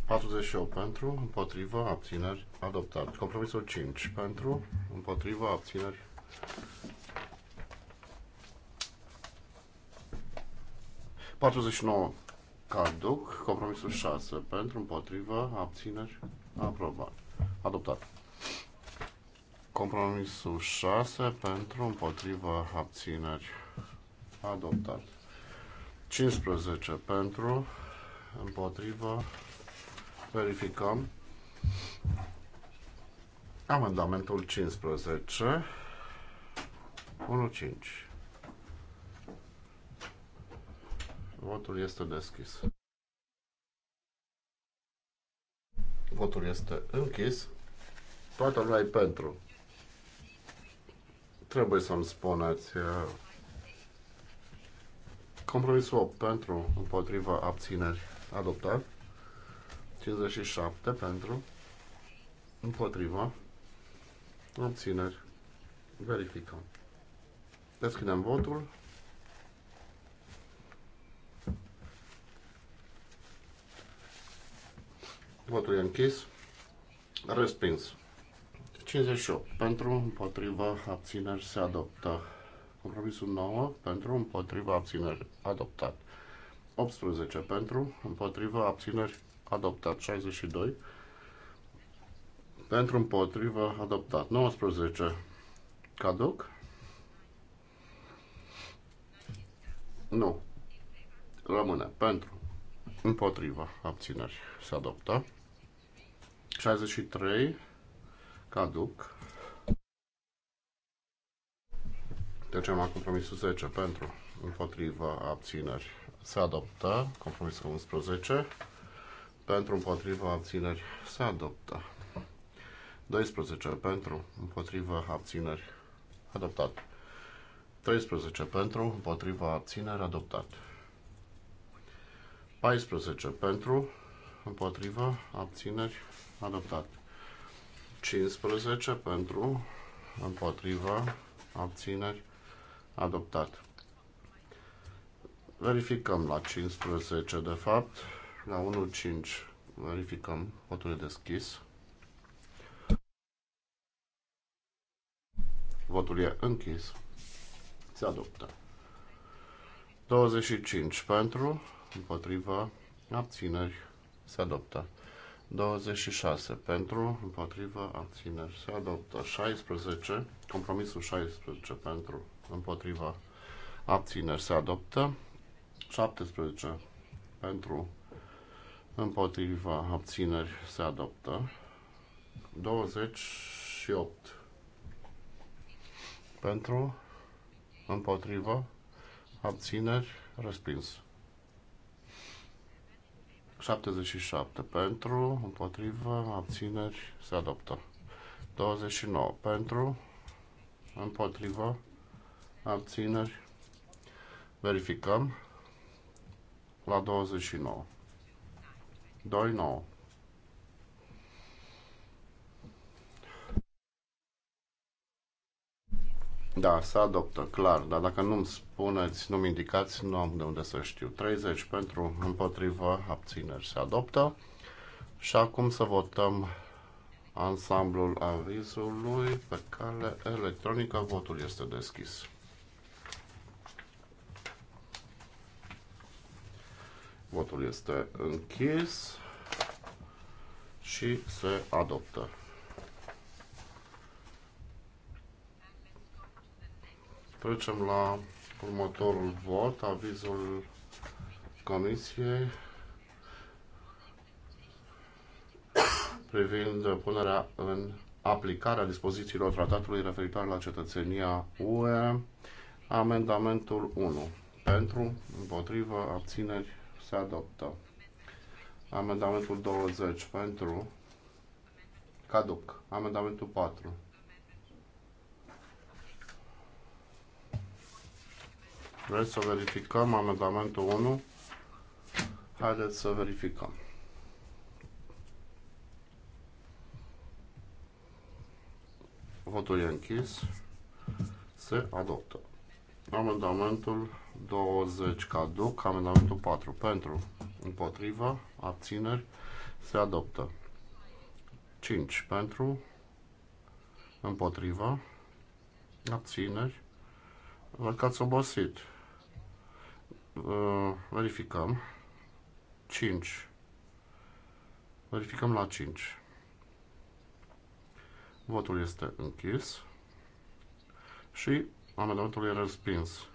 48 pentru, împotriva abțineri adoptat. Compromisul 5 pentru, împotriva abțineri 49 caduc, compromisul 6 pentru, împotrivă, abțineri, aprobat. Adoptat. Compromisul 6 pentru, împotrivă, abțineri, adoptat. 15 pentru, împotrivă, verificăm. Amendamentul 15, 1.5. Votul este deschis. Votul este închis. Toată lumea e pentru. Trebuie să-mi spuneți. Uh, compromisul pentru, împotriva, abțineri, adoptat. 57 pentru, împotriva, abțineri, verificăm. Deschidem votul. Votul e închis. Respins. 58. Pentru, împotriva, abțineri se adoptă. Compromisul 9. Pentru, împotriva, abțineri. Adoptat. 18. Pentru, împotriva, abțineri. Adoptat. 62. Pentru, împotriva, adoptat. 19. Caduc. Nu. Rămâne. Pentru, împotriva, abțineri se adoptă. 63 caduc. Trecem am compromisul 10 pentru împotriva abțineri. Se adoptă compromisul 11 pentru împotriva abțineri. Se adoptă 12 pentru împotriva abțineri. Adoptat 13 pentru împotriva abțineri. Adoptat 14 pentru împotriva abțineri adoptat. 15 pentru, împotrivă, abțineri, adoptat. Verificăm la 15, de fapt, la 1.5 verificăm votul deschis. Votul e închis. Se adoptă. 25 pentru, împotriva, abțineri, se adoptă. 26 pentru, împotriva, abțineri se adoptă. 16, compromisul 16 pentru, împotriva, abțineri se adoptă. 17 pentru, împotriva, abțineri se adoptă. 28 pentru, împotriva, abțineri, respins. 77 pentru, împotrivă, abțineri, se adoptă. 29 pentru, împotrivă, abțineri, verificăm la 29. 29. Da, se adoptă, clar, dar dacă nu-mi spuneți, nu-mi indicați, nu am de unde să știu. 30 pentru, împotrivă, abțineri se adoptă. Și acum să votăm ansamblul avizului pe cale electronică. Votul este deschis. Votul este închis și se adoptă. Trecem la următorul vot, avizul Comisiei privind punerea în aplicare a dispozițiilor tratatului referitoare la cetățenia UE, amendamentul 1. Pentru, împotrivă, abțineri, se adoptă. Amendamentul 20 pentru, caduc. Amendamentul 4 Vreți să verificăm amendamentul 1? Haideți să verificăm. Votul e închis. Se adoptă. Amendamentul 20 caduc, amendamentul 4 pentru, împotrivă, abțineri, se adoptă. 5 pentru, împotrivă, abțineri, văd că ați obosit uh, verificăm. 5. Verificăm la 5. Votul este închis și amendamentul e respins.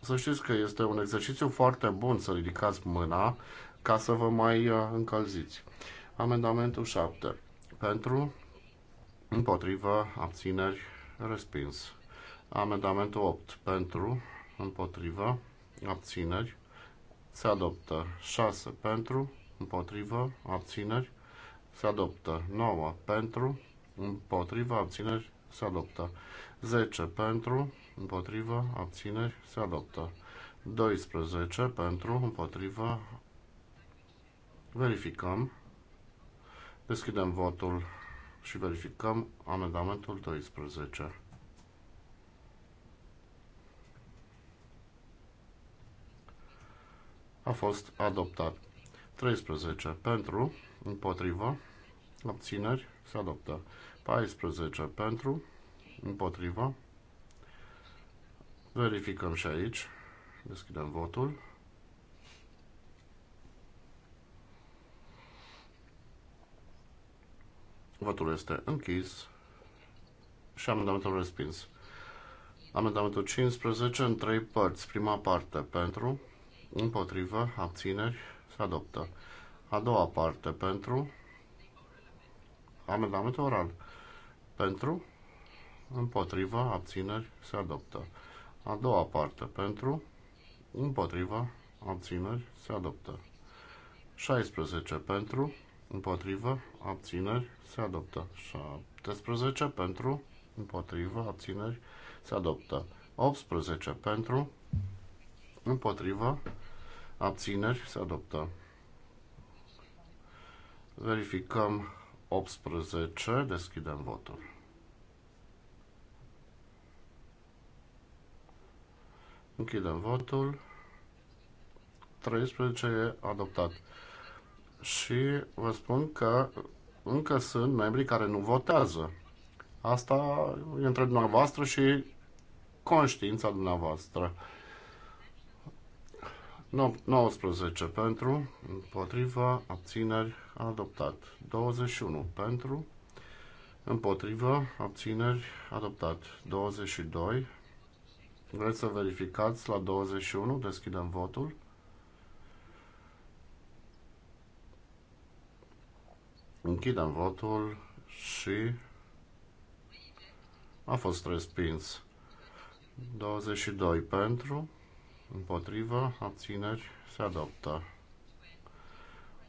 Să știți că este un exercițiu foarte bun să ridicați mâna ca să vă mai uh, încălziți. Amendamentul 7. Pentru, împotrivă, abțineri, respins. Amendamentul 8. Pentru, împotrivă, abțineri, se adoptă 6 pentru, împotrivă, abțineri, se adoptă 9 pentru, împotrivă, abțineri, se adoptă 10 pentru, împotrivă, abțineri, se adoptă 12 pentru, împotrivă, verificăm, deschidem votul și verificăm amendamentul 12. a fost adoptat. 13 pentru, împotriva, abțineri, se adoptă. 14 pentru, împotriva. Verificăm și aici. Deschidem votul. Votul este închis și amendamentul respins. Amendamentul 15 în trei părți. Prima parte pentru, împotrivă, abțineri, se adoptă. A doua parte pentru amendament oral. Pentru, împotrivă, abțineri, se adoptă. A doua parte pentru, împotrivă, abțineri, se adoptă. 16 pentru, împotrivă, abțineri, se adoptă. 17 pentru, împotrivă, abțineri, se adoptă. 18 pentru, împotrivă, Abțineri se adoptă. Verificăm 18, deschidem votul. Închidem votul. 13 e adoptat. Și vă spun că încă sunt membrii care nu votează. Asta e între dumneavoastră și conștiința dumneavoastră. 19 pentru, împotriva, abțineri, adoptat. 21 pentru, împotriva, abțineri, adoptat. 22. Vreți să verificați la 21? Deschidem votul. Închidem votul și a fost respins. 22 pentru, împotrivă, abțineri, se adoptă.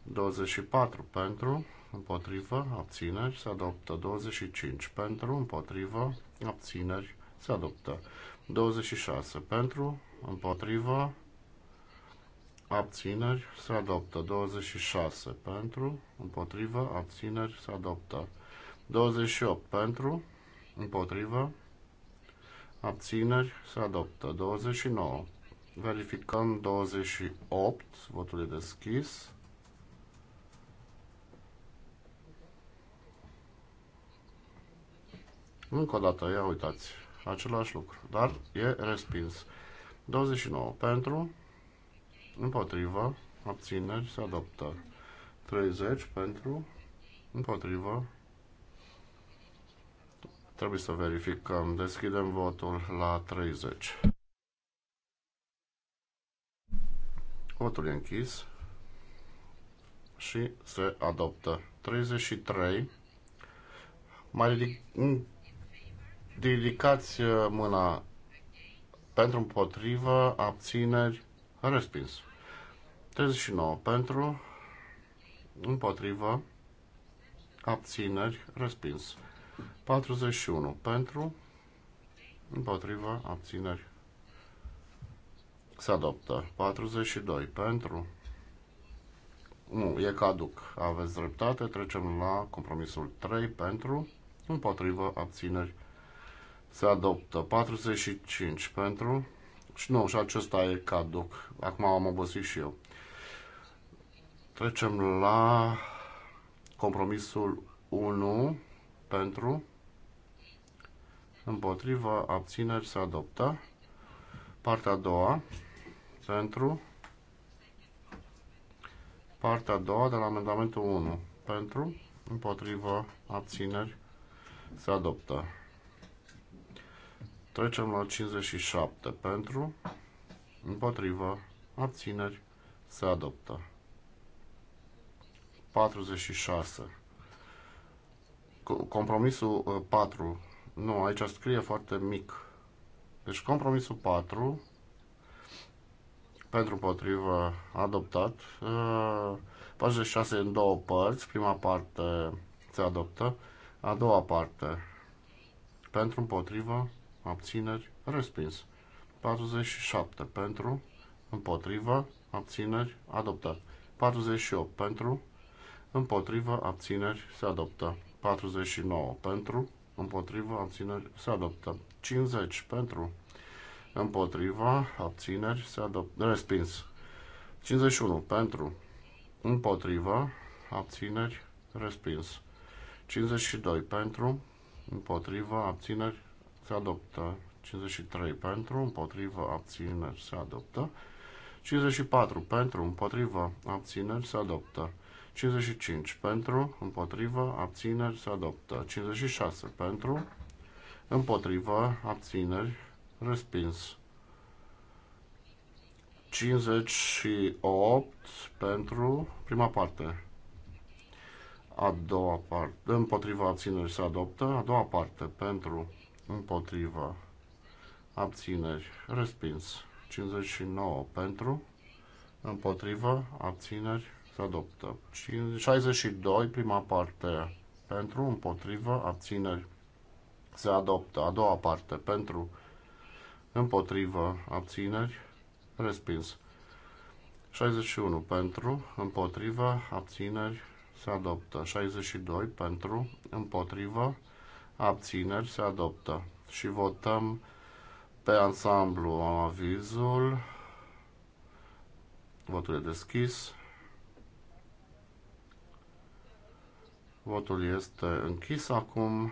24 pentru, împotrivă, abțineri, se adoptă. 25 pentru, împotrivă, abțineri, se adoptă. 26 pentru, împotrivă, abțineri, se adoptă. 26 pentru, împotrivă, abțineri, se adoptă. 28 pentru, împotrivă, abțineri, se adoptă. 29 Verificăm 28. Votul e deschis. Încă o dată, ia uitați. Același lucru, dar e respins. 29 pentru, împotrivă, abțineri, se adoptă. 30 pentru, împotrivă. Trebuie să verificăm. Deschidem votul la 30. Votul e închis și se adoptă. 33. Mai ridic, ridicați uh, mâna pentru împotrivă, abțineri, respins. 39 pentru, împotrivă, abțineri, respins. 41 pentru, împotrivă, abțineri, se adoptă. 42 pentru. Nu, e caduc. Aveți dreptate. Trecem la compromisul 3 pentru. Împotrivă abțineri. Se adoptă. 45 pentru. Și nu, și acesta e caduc. Acum am obosit și eu. Trecem la compromisul 1 pentru. Împotrivă abțineri se adoptă. Partea a doua pentru. Partea a doua de la amendamentul 1. Pentru. Împotrivă. Abțineri. Se adoptă. Trecem la 57. Pentru. Împotrivă. Abțineri. Se adoptă. 46. Compromisul 4. Uh, nu, aici scrie foarte mic. Deci compromisul 4 pentru potrivă adoptat. 46 uh, în două părți, prima parte se adoptă, a doua parte pentru împotrivă, abțineri, respins. 47 pentru, împotrivă, abțineri, adoptat. 48 pentru, împotrivă, abțineri, se adoptă. 49 pentru, împotrivă, abțineri, se adoptă. 50 pentru, împotriva, abțineri, se adoptă, respins. 51 pentru, împotriva, abțineri, respins. 52 pentru, împotriva, abțineri, se adoptă. 53 pentru, împotriva, abțineri, se adoptă. 54 pentru, împotriva, abțineri, se adoptă. 55 pentru, împotriva, abțineri, se adoptă. 56 pentru, împotriva, abțineri, respins. 58 pentru prima parte. A doua parte. Împotriva abțineri se adoptă. A doua parte pentru împotriva abțineri respins. 59 pentru împotriva abțineri se adoptă. 62 prima parte pentru împotriva abțineri se adoptă. A doua parte pentru împotrivă, abțineri, respins. 61 pentru, împotrivă, abțineri, se adoptă. 62 pentru, împotrivă, abțineri, se adoptă. Și votăm pe ansamblu avizul. Votul e deschis. Votul este închis acum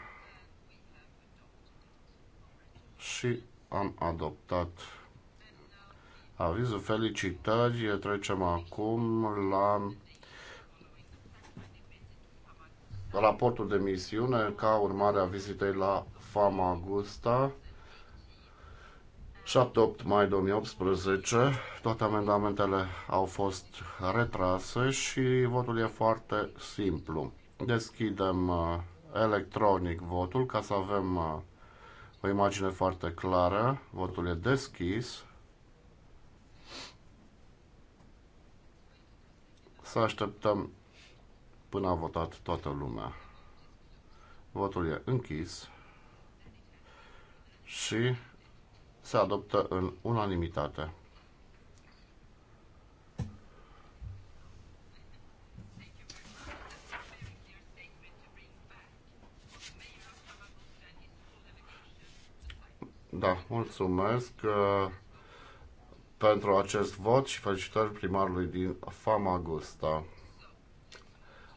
și am adoptat avizul. Felicitări! Trecem acum la raportul de misiune ca urmare a vizitei la Famagusta 7-8 mai 2018. Toate amendamentele au fost retrase și votul e foarte simplu. Deschidem uh, electronic votul ca să avem uh, o imagine foarte clară. Votul e deschis. Să așteptăm până a votat toată lumea. Votul e închis și se adoptă în unanimitate. Da, mulțumesc uh, pentru acest vot și felicitări primarului din Famagusta.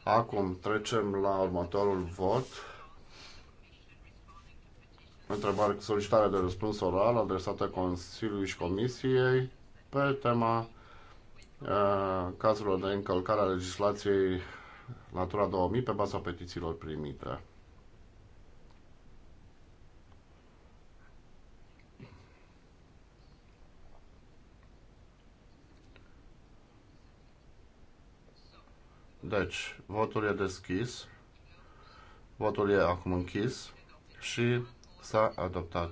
Acum trecem la următorul vot. Întrebare, solicitare de răspuns oral adresată Consiliului și Comisiei pe tema uh, cazurilor de încălcare a legislației Natura 2000 pe baza petițiilor primite. Deci, votul e deschis. Votul e acum închis și s-a adoptat.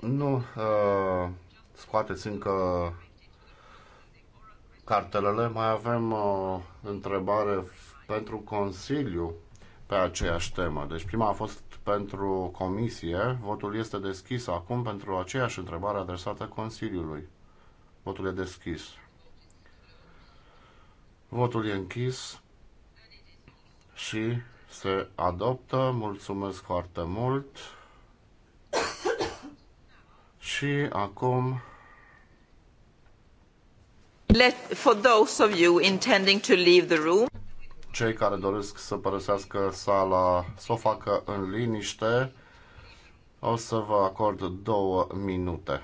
Nu uh, scoateți încă cartelele. Mai avem o uh, întrebare pentru Consiliu pe aceeași temă. Deci prima a fost pentru Comisie. Votul este deschis acum pentru aceeași întrebare adresată Consiliului. Votul e deschis. Votul e închis și se adoptă. Mulțumesc foarte mult. și acum Let, for those of you intending to leave the room cei care doresc să părăsească sala să o facă în liniște. O să vă acord două minute.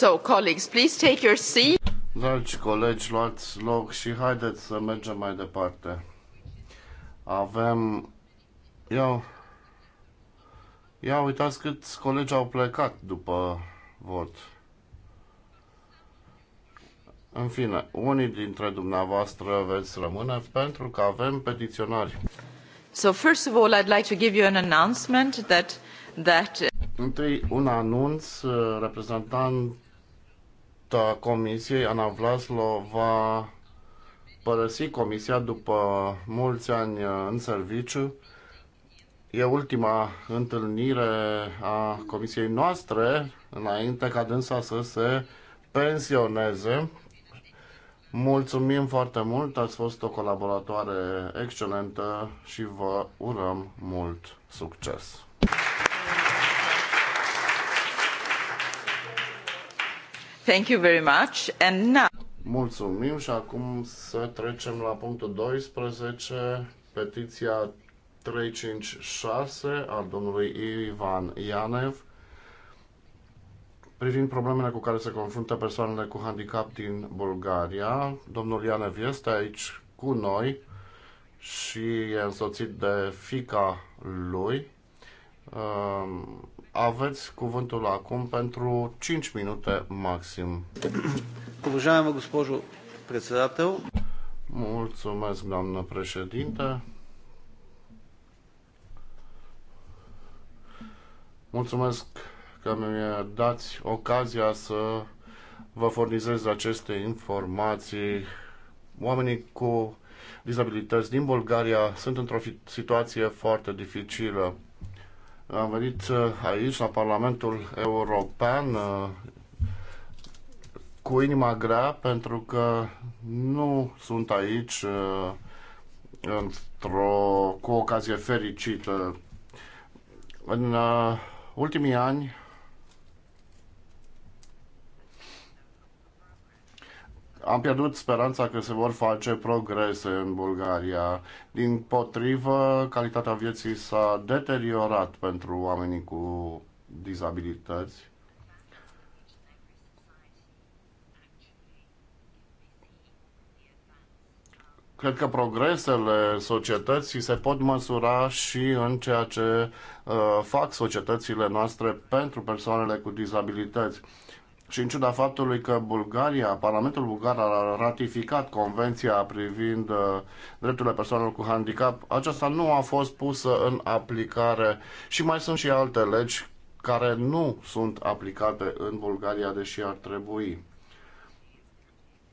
So, colleagues, please take your seat. Dragi colegi, luați loc și haideți să mergem mai departe. Avem... Eu... Ia uitați câți colegi au plecat după vot. În fine, unii dintre dumneavoastră veți rămâne pentru că avem petiționari. So first of all, I'd like to give you an announcement that that Întâi un anunț, reprezentant președinta comisiei, Ana Vlaslo, va părăsi comisia după mulți ani uh, în serviciu. E ultima întâlnire a comisiei noastre înainte ca dânsa să se pensioneze. Mulțumim foarte mult, ați fost o colaboratoare excelentă și vă urăm mult succes! Thank you very much. And now... Mulțumim și acum să trecem la punctul 12, petiția 356 al domnului Ivan Ianev privind problemele cu care se confruntă persoanele cu handicap din Bulgaria. Domnul Ianev este aici cu noi și e însoțit de fica lui. Ehm, aveți cuvântul acum pentru 5 minute maxim. Уважаема госпожо председател. Mulțumesc, doamnă președinte. Mulțumesc că mi dați ocazia să vă furnizez aceste informații. Oamenii cu dizabilități din Bulgaria sunt într-o situație foarte dificilă. Am venit uh, aici, la Parlamentul European, uh, cu inima grea, pentru că nu sunt aici uh, într-o, cu ocazie fericită. În ultimii ani am pierdut speranța că se vor face progrese în Bulgaria. Din potrivă, calitatea vieții s-a deteriorat pentru oamenii cu dizabilități. Cred că progresele societății se pot măsura și în ceea ce uh, fac societățile noastre pentru persoanele cu dizabilități și în ciuda faptului că Bulgaria, Parlamentul Bulgar a ratificat convenția privind uh, drepturile persoanelor cu handicap, aceasta nu a fost pusă în aplicare și mai sunt și alte legi care nu sunt aplicate în Bulgaria, deși ar trebui.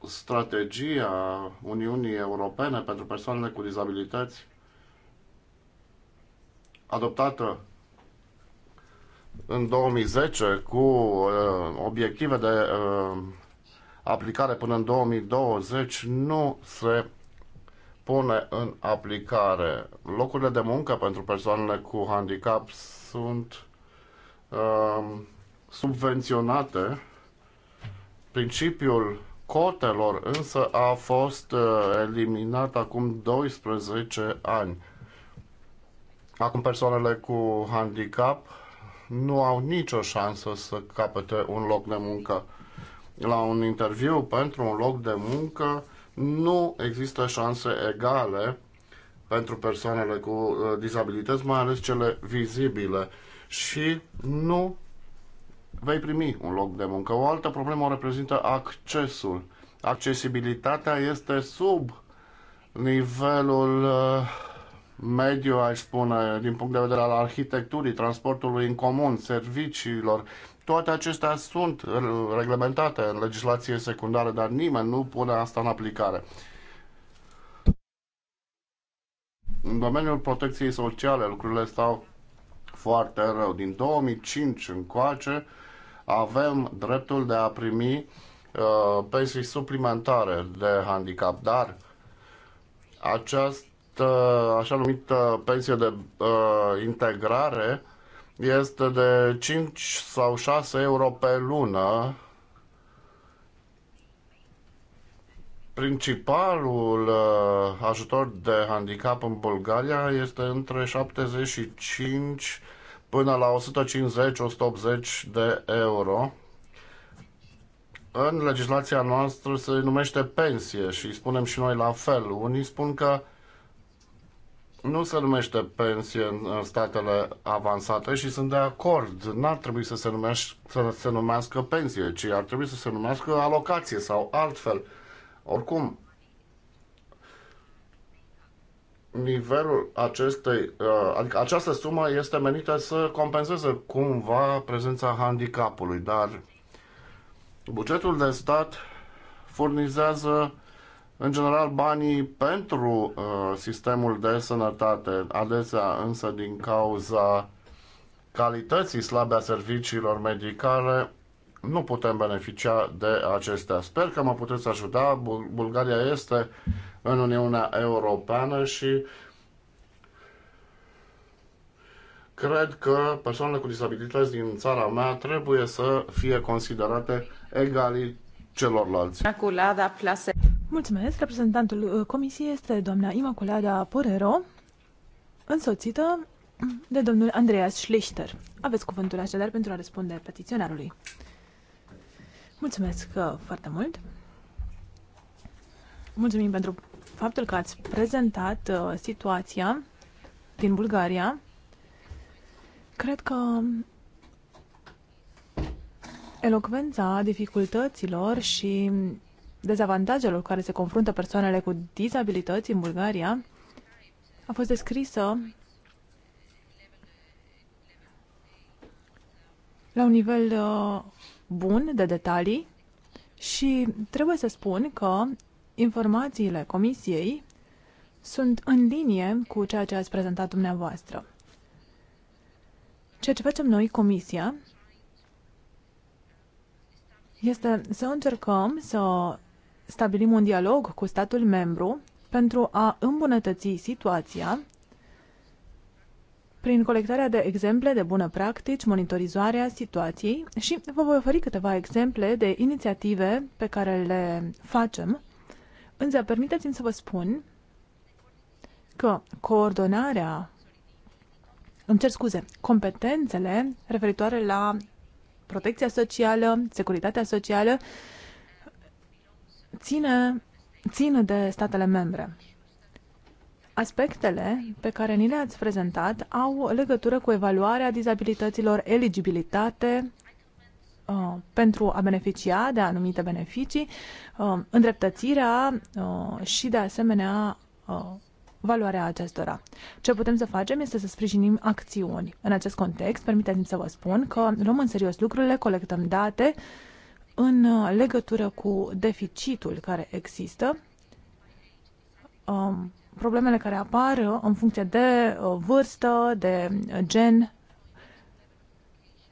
Strategia Uniunii Europene pentru persoanele cu dizabilități adoptată în 2010 cu uh, obiective de uh, aplicare până în 2020 nu se pune în aplicare. Locurile de muncă pentru persoanele cu handicap sunt uh, subvenționate. Principiul cotelor însă a fost uh, eliminat acum 12 ani. Acum persoanele cu handicap nu au nicio șansă să capete un loc de muncă. La un interviu pentru un loc de muncă nu există șanse egale pentru persoanele cu uh, dizabilități, mai ales cele vizibile și nu vei primi un loc de muncă. O altă problemă o reprezintă accesul. Accesibilitatea este sub nivelul uh, mediu, aș spune, din punct de vedere al arhitecturii, transportului în comun, serviciilor. Toate acestea sunt uh, reglementate în legislație secundară, dar nimeni nu pune asta în aplicare. În domeniul protecției sociale lucrurile stau foarte rău. Din 2005 încoace avem dreptul de a primi uh, pensii suplimentare de handicap, dar această Uh, așa numită pensie de uh, integrare este de 5 sau 6 euro pe lună. Principalul uh, ajutor de handicap în Bulgaria este între 75 până la 150-180 de euro. În legislația noastră se numește pensie și spunem și noi la fel. Unii spun că uh, nu se numește pensie în statele avansate și sunt de acord. N-ar trebui să se, numească, să se numească pensie, ci ar trebui să se numească alocație sau altfel. Oricum, nivelul acestei, uh, adică această sumă este menită să compenseze cumva prezența handicapului, dar bugetul de stat furnizează în general, banii pentru uh, sistemul de sănătate, adesea însă din cauza calității slabe a serviciilor medicale, nu putem beneficia de acestea. Sper că mă puteți ajuta. Bulgaria este în Uniunea Europeană și cred că persoanele cu disabilități din țara mea trebuie să fie considerate egali celorlalți. Mulțumesc. Reprezentantul uh, comisiei este doamna Imaculada Porero, însoțită de domnul Andreas Schlichter. Aveți cuvântul așadar pentru a răspunde petiționarului. Mulțumesc uh, foarte mult. Mulțumim pentru faptul că ați prezentat uh, situația din Bulgaria. Cred că elocvența dificultăților și dezavantajelor care se confruntă persoanele cu dizabilități în Bulgaria a fost descrisă la un nivel uh, bun de detalii și trebuie să spun că informațiile comisiei sunt în linie cu ceea ce ați prezentat dumneavoastră. Ceea ce facem noi, comisia, este să încercăm să stabilim un dialog cu statul membru pentru a îmbunătăți situația prin colectarea de exemple de bună practici, monitorizarea situației și vă voi oferi câteva exemple de inițiative pe care le facem. Însă, permiteți-mi să vă spun că coordonarea, îmi cer scuze, competențele referitoare la protecția socială, securitatea socială, ține, ține de statele membre. Aspectele pe care ni le-ați prezentat au legătură cu evaluarea dizabilităților, eligibilitate uh, pentru a beneficia de anumite beneficii, uh, îndreptățirea uh, și, de asemenea, uh, valoarea acestora. Ce putem să facem este să sprijinim acțiuni. În acest context, permiteți-mi să vă spun că luăm în serios lucrurile, colectăm date, uh, în uh, legătură cu deficitul care există, um, problemele care apar uh, în funcție de uh, vârstă, de gen,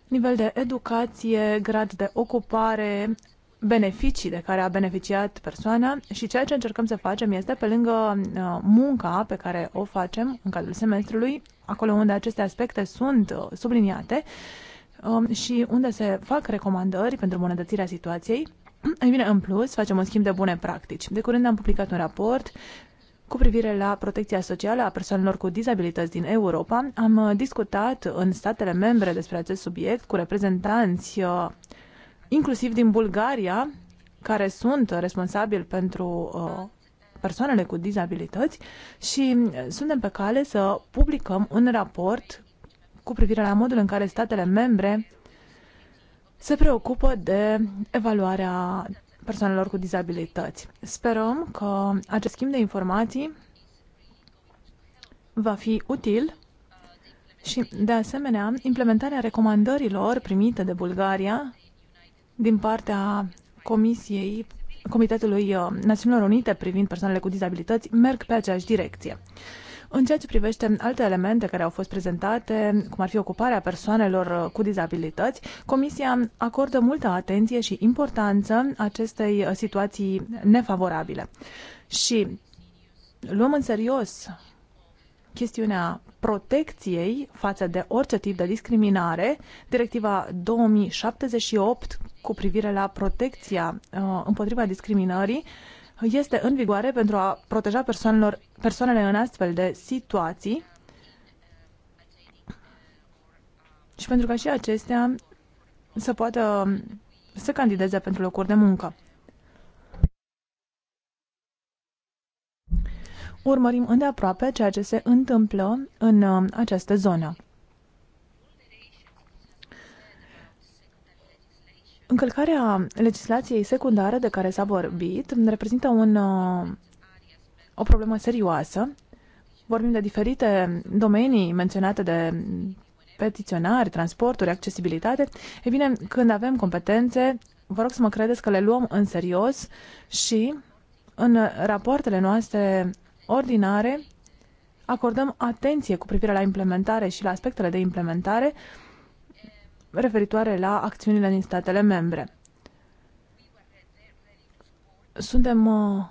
nivel de educație, grad de ocupare, beneficii de care a beneficiat persoana și ceea ce încercăm să facem este, pe lângă munca pe care o facem în cadrul semestrului, acolo unde aceste aspecte sunt subliniate, Um, și unde se fac recomandări pentru îmbunătățirea situației. [CLEARS THROAT] Ei bine, în plus, facem un schimb de bune practici. De curând am publicat un raport cu privire la protecția socială a persoanelor cu dizabilități din Europa. Am uh, discutat în statele membre despre acest subiect cu reprezentanți uh, inclusiv din Bulgaria, care sunt responsabili pentru uh, persoanele cu dizabilități și suntem pe cale să publicăm un raport cu privire la modul în care statele membre se preocupă de evaluarea persoanelor cu dizabilități. Sperăm că acest schimb de informații va fi util și, de asemenea, implementarea recomandărilor primite de Bulgaria din partea Comisiei Comitetului uh, Națiunilor Unite privind persoanele cu dizabilități merg pe aceeași direcție. În ceea ce privește alte elemente care au fost prezentate, cum ar fi ocuparea persoanelor uh, cu dizabilități, Comisia acordă multă atenție și importanță acestei uh, situații nefavorabile. Și luăm în serios chestiunea protecției față de orice tip de discriminare, Directiva 2078 cu privire la protecția uh, împotriva discriminării este în vigoare pentru a proteja persoanelor, persoanele în astfel de situații și pentru ca și acestea să poată um, să candideze pentru locuri de muncă. Urmărim îndeaproape ceea ce se întâmplă în um, această zonă. Încălcarea legislației secundare de care s-a vorbit reprezintă un, uh, o problemă serioasă. Vorbim de diferite domenii menționate de petiționari, transporturi, accesibilitate. E bine, când avem competențe, vă rog să mă credeți că le luăm în serios și în rapoartele noastre ordinare acordăm atenție cu privire la implementare și la aspectele de implementare uh, referitoare la acțiunile din statele membre. Suntem uh,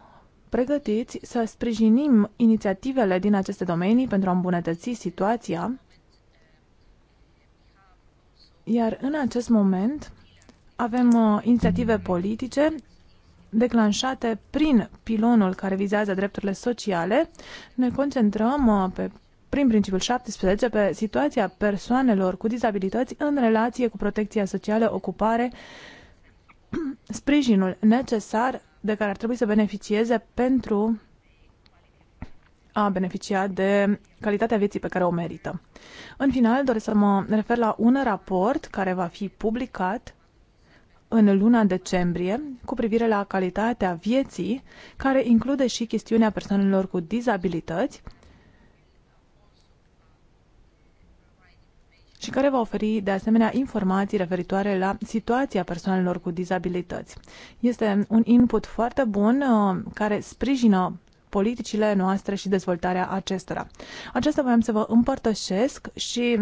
pregătiți să sprijinim inițiativele din aceste domenii pentru a îmbunătăți situația, iar în acest moment avem uh, inițiative politice declanșate prin pilonul care vizează drepturile sociale, ne concentrăm uh, pe prin principiul 17 pe situația persoanelor cu dizabilități în relație cu protecția socială, ocupare, [CLEARS THROAT] sprijinul necesar de care ar trebui să beneficieze pentru a beneficia de calitatea vieții pe care o merită. În final, doresc să mă refer la un raport care va fi publicat în luna decembrie cu privire la calitatea vieții, care include și chestiunea persoanelor cu dizabilități și care va oferi de asemenea informații referitoare la situația persoanelor cu dizabilități. Este un input foarte bun uh, care sprijină politicile noastre și dezvoltarea acestora. Aceasta voiam să vă împărtășesc și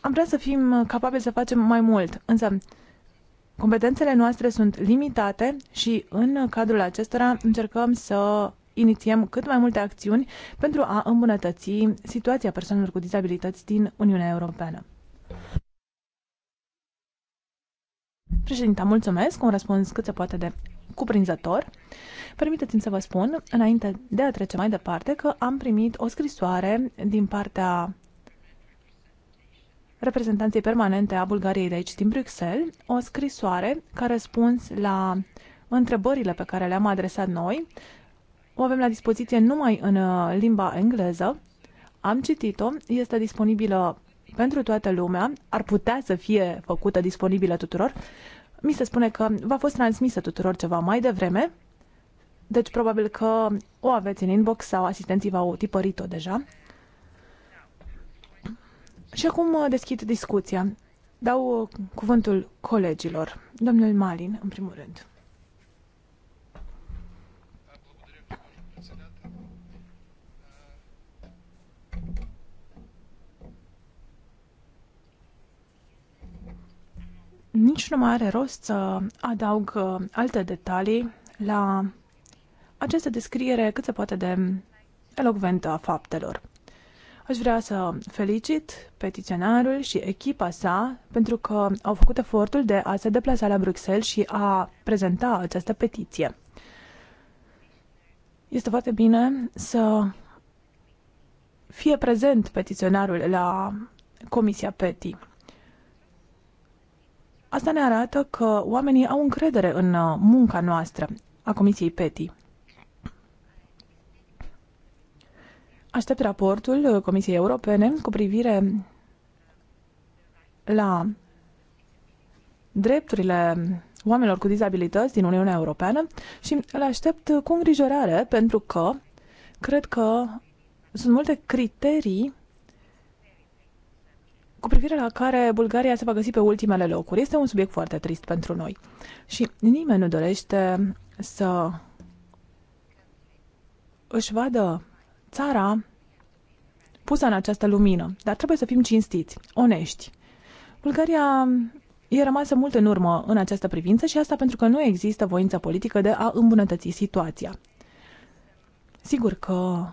am vrea să fim capabili să facem mai mult, însă competențele noastre sunt limitate și în cadrul acestora încercăm să inițiem cât mai multe acțiuni pentru a îmbunătăți situația persoanelor cu dizabilități din Uniunea Europeană. Președinta, mulțumesc, un răspuns cât se poate de cuprinzător. Permiteți-mi să vă spun, înainte de a trece mai departe, că am primit o scrisoare din partea reprezentanței permanente a Bulgariei de aici, din Bruxelles, o scrisoare ca răspuns la întrebările pe care le-am adresat noi o avem la dispoziție numai în uh, limba engleză. Am citit-o, este disponibilă pentru toată lumea, ar putea să fie făcută disponibilă tuturor. Mi se spune că v-a fost transmisă tuturor ceva mai devreme, deci probabil că o aveți în inbox sau asistenții v-au tipărit-o deja. Și acum uh, deschid discuția. Dau uh, cuvântul colegilor. Domnul Malin, în primul rând. Nici nu mai are rost să adaug uh, alte detalii la această descriere cât se poate de elocventă a faptelor. Aș vrea să felicit petiționarul și echipa sa pentru că au făcut efortul de a se deplasa la Bruxelles și a prezenta această petiție. Este foarte bine să fie prezent petiționarul la Comisia PETI. Asta ne arată că oamenii au încredere în uh, munca noastră a Comisiei PETI. Aștept raportul uh, Comisiei Europene cu privire la drepturile oamenilor cu dizabilități din Uniunea Europeană și îl aștept uh, cu îngrijorare pentru că cred că sunt multe criterii cu privire la care Bulgaria se va găsi pe ultimele locuri. Este un subiect foarte trist pentru noi. Și nimeni nu dorește să își vadă țara pusă în această lumină. Dar trebuie să fim cinstiți, onești. Bulgaria e rămasă mult în urmă în această privință și asta pentru că nu există voință politică de a îmbunătăți situația. Sigur că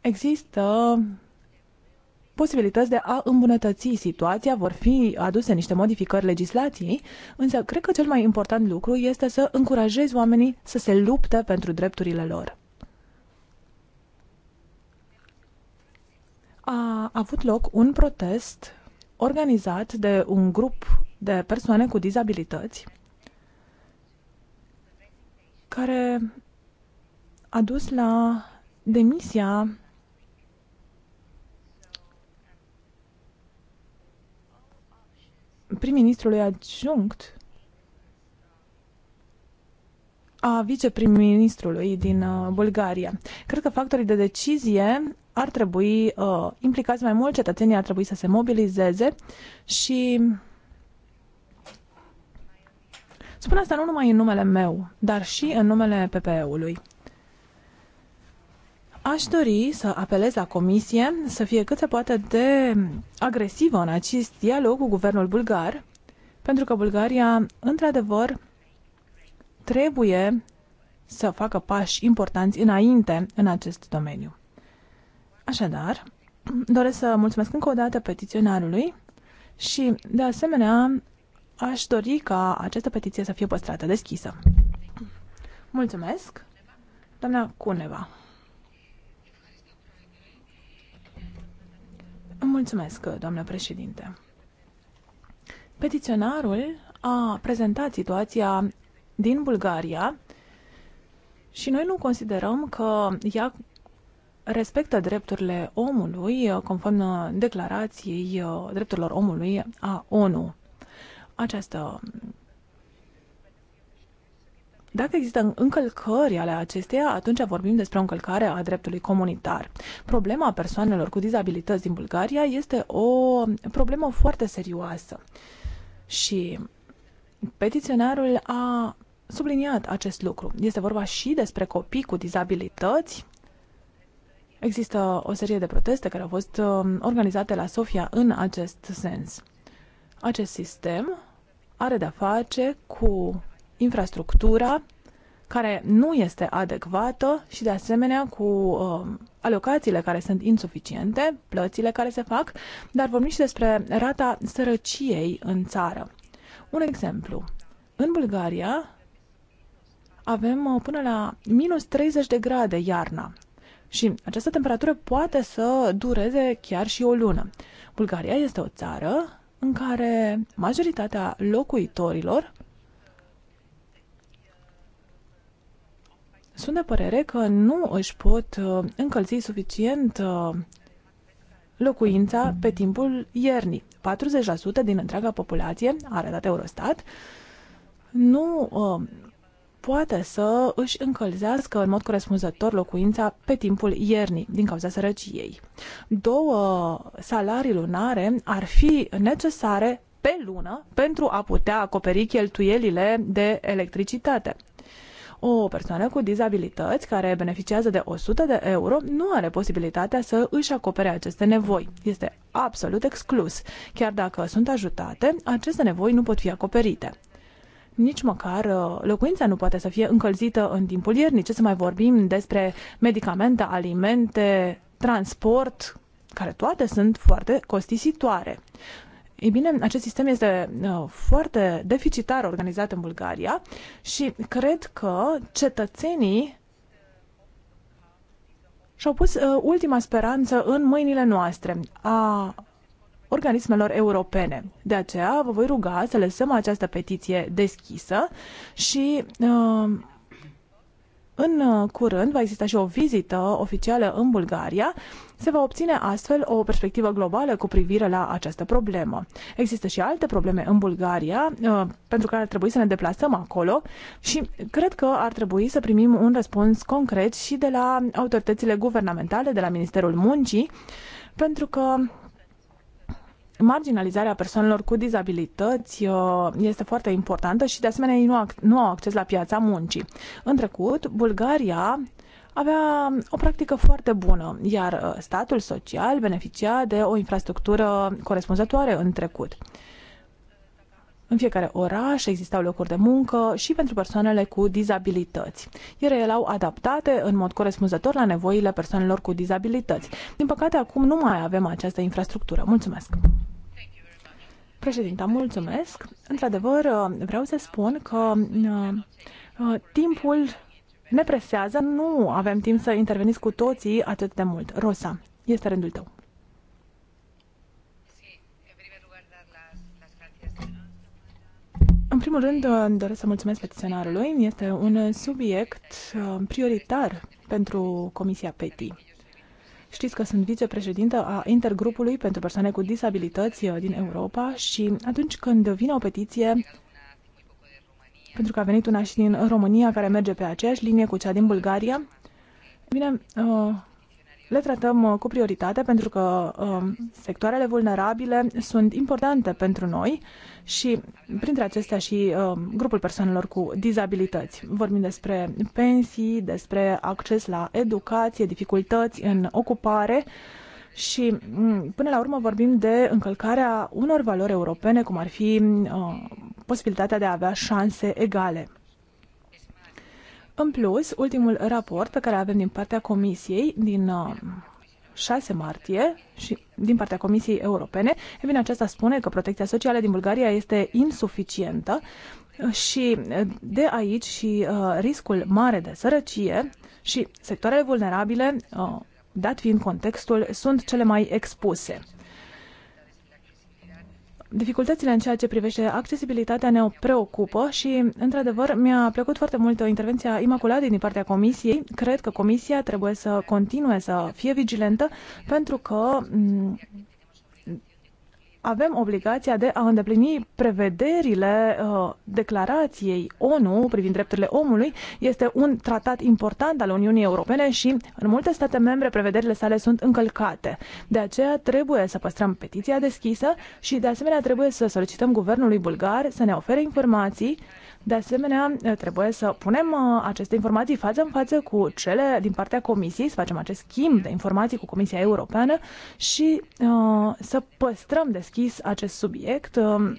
există posibilități de a îmbunătăți situația, vor fi aduse niște modificări legislației, însă cred că cel mai important lucru este să încurajezi oamenii să se lupte pentru drepturile lor. A avut loc un protest organizat de un grup de persoane cu dizabilități care a dus la demisia prim-ministrului adjunct a viceprim-ministrului din uh, Bulgaria. Cred că factorii de decizie ar trebui uh, implicați mai mult, cetățenii ar trebui să se mobilizeze și spun asta nu numai în numele meu, dar și în numele PPE-ului. Aș dori să apelez la Comisie să fie cât se poate de agresivă în acest dialog cu guvernul bulgar, pentru că Bulgaria, într-adevăr, trebuie să facă pași importanți înainte în acest domeniu. Așadar, doresc să mulțumesc încă o dată petiționarului și, de asemenea, aș dori ca această petiție să fie păstrată deschisă. Mulțumesc, doamna Cuneva. Mulțumesc, doamnă președinte. Petiționarul a prezentat situația din Bulgaria și noi nu considerăm că ea respectă drepturile omului conform declarației drepturilor omului a ONU. Această dacă există încălcări ale acesteia, atunci vorbim despre o încălcare a dreptului comunitar. Problema persoanelor cu dizabilități din Bulgaria este o problemă foarte serioasă. Și petiționarul a subliniat acest lucru. Este vorba și despre copii cu dizabilități. Există o serie de proteste care au fost um, organizate la Sofia în acest sens. Acest sistem are de-a face cu infrastructura care nu este adecvată și de asemenea cu uh, alocațiile care sunt insuficiente, plățile care se fac, dar vorbim și despre rata sărăciei în țară. Un exemplu. În Bulgaria avem uh, până la minus 30 de grade iarna și această temperatură poate să dureze chiar și o lună. Bulgaria este o țară în care majoritatea locuitorilor sunt de părere că nu își pot uh, încălzi suficient uh, locuința pe timpul iernii. 40% din întreaga populație, a arătat Eurostat, nu uh, poate să își încălzească în mod corespunzător locuința pe timpul iernii din cauza sărăciei. Două salarii lunare ar fi necesare pe lună pentru a putea acoperi cheltuielile de electricitate. O persoană cu dizabilități care beneficiază de 100 de euro nu are posibilitatea să își acopere aceste nevoi. Este absolut exclus. Chiar dacă sunt ajutate, aceste nevoi nu pot fi acoperite nici măcar uh, locuința nu poate să fie încălzită în timpul iernii. Ce să mai vorbim despre medicamente, alimente, transport, care toate sunt foarte costisitoare. Ei bine, acest sistem este uh, foarte deficitar organizat în Bulgaria și cred că cetățenii și-au pus uh, ultima speranță în mâinile noastre a organismelor europene. De aceea vă voi ruga să lăsăm această petiție deschisă și uh, în uh, curând va exista și o vizită oficială în Bulgaria. Se va obține astfel o perspectivă globală cu privire la această problemă. Există și alte probleme în Bulgaria uh, pentru care ar trebui să ne deplasăm acolo și cred că ar trebui să primim un răspuns concret și de la autoritățile guvernamentale, de la Ministerul Muncii, pentru că marginalizarea persoanelor cu dizabilități uh, este foarte importantă și de asemenea ei nu, nu au acces la piața muncii. În trecut, Bulgaria avea um, o practică foarte bună, iar uh, statul social beneficia de o infrastructură corespunzătoare în trecut. În fiecare oraș existau locuri de muncă și pentru persoanele cu dizabilități. Ele erau adaptate în mod corespunzător la nevoile persoanelor cu dizabilități. Din păcate, acum nu mai avem această infrastructură. Mulțumesc! Președinta, mulțumesc. Într-adevăr, vreau să spun că uh, uh, timpul ne presează, nu avem timp să interveniți cu toții atât de mult. Rosa, este rândul tău. În primul rând, uh, doresc să mulțumesc petiționarului. Este un subiect uh, prioritar pentru Comisia PETI. Știți că sunt vicepreședintă a Intergrupului pentru persoane cu disabilități uh, din Europa și atunci când vine o petiție, pentru că a venit una și din România care merge pe aceeași linie cu cea din Bulgaria, vine le tratăm uh, cu prioritate pentru că um, sectoarele vulnerabile sunt importante pentru noi și printre acestea și um, grupul persoanelor cu dizabilități. Vorbim despre pensii, despre acces la educație, dificultăți în ocupare și mm, până la urmă vorbim de încălcarea unor valori europene, cum ar fi uh, posibilitatea de a avea șanse egale. În plus, ultimul raport pe care avem din partea Comisiei din 6 uh, martie și din partea Comisiei Europene, e bine, aceasta spune că protecția socială din Bulgaria este insuficientă și uh, de aici și uh, riscul mare de sărăcie și sectoarele vulnerabile, uh, dat fiind contextul, sunt cele mai expuse. Dificultățile în ceea ce privește accesibilitatea ne preocupă și, într-adevăr, mi-a plăcut foarte mult o intervenție imaculată din partea Comisiei. Cred că Comisia trebuie să continue să fie vigilentă pentru că avem obligația de a îndeplini prevederile uh, declarației ONU privind drepturile omului. Este un tratat important al Uniunii Europene și în multe state membre prevederile sale sunt încălcate. De aceea trebuie să păstrăm petiția deschisă și de asemenea trebuie să solicităm guvernului bulgar să ne ofere informații de asemenea, trebuie să punem uh, aceste informații față în față cu cele din partea Comisiei, să facem acest schimb de informații cu Comisia Europeană și uh, să păstrăm deschis deschis acest subiect. Um,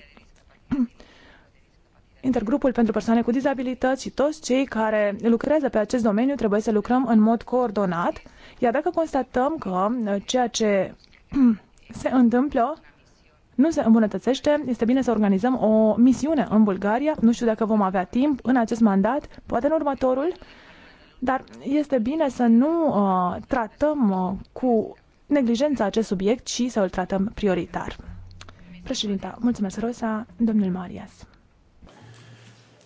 Intergrupul pentru persoane cu dizabilități și toți cei care lucrează pe acest domeniu trebuie să lucrăm în mod coordonat. Iar dacă constatăm că uh, ceea ce [CLEARS THROAT] se întâmplă nu se îmbunătățește, este bine să organizăm o misiune în Bulgaria. Nu știu dacă vom avea timp în acest mandat, poate în următorul, dar este bine să nu uh, tratăm uh, cu neglijența acest subiect, ci să îl tratăm prioritar. Președinta, mulțumesc, Rosa. Domnul Marias.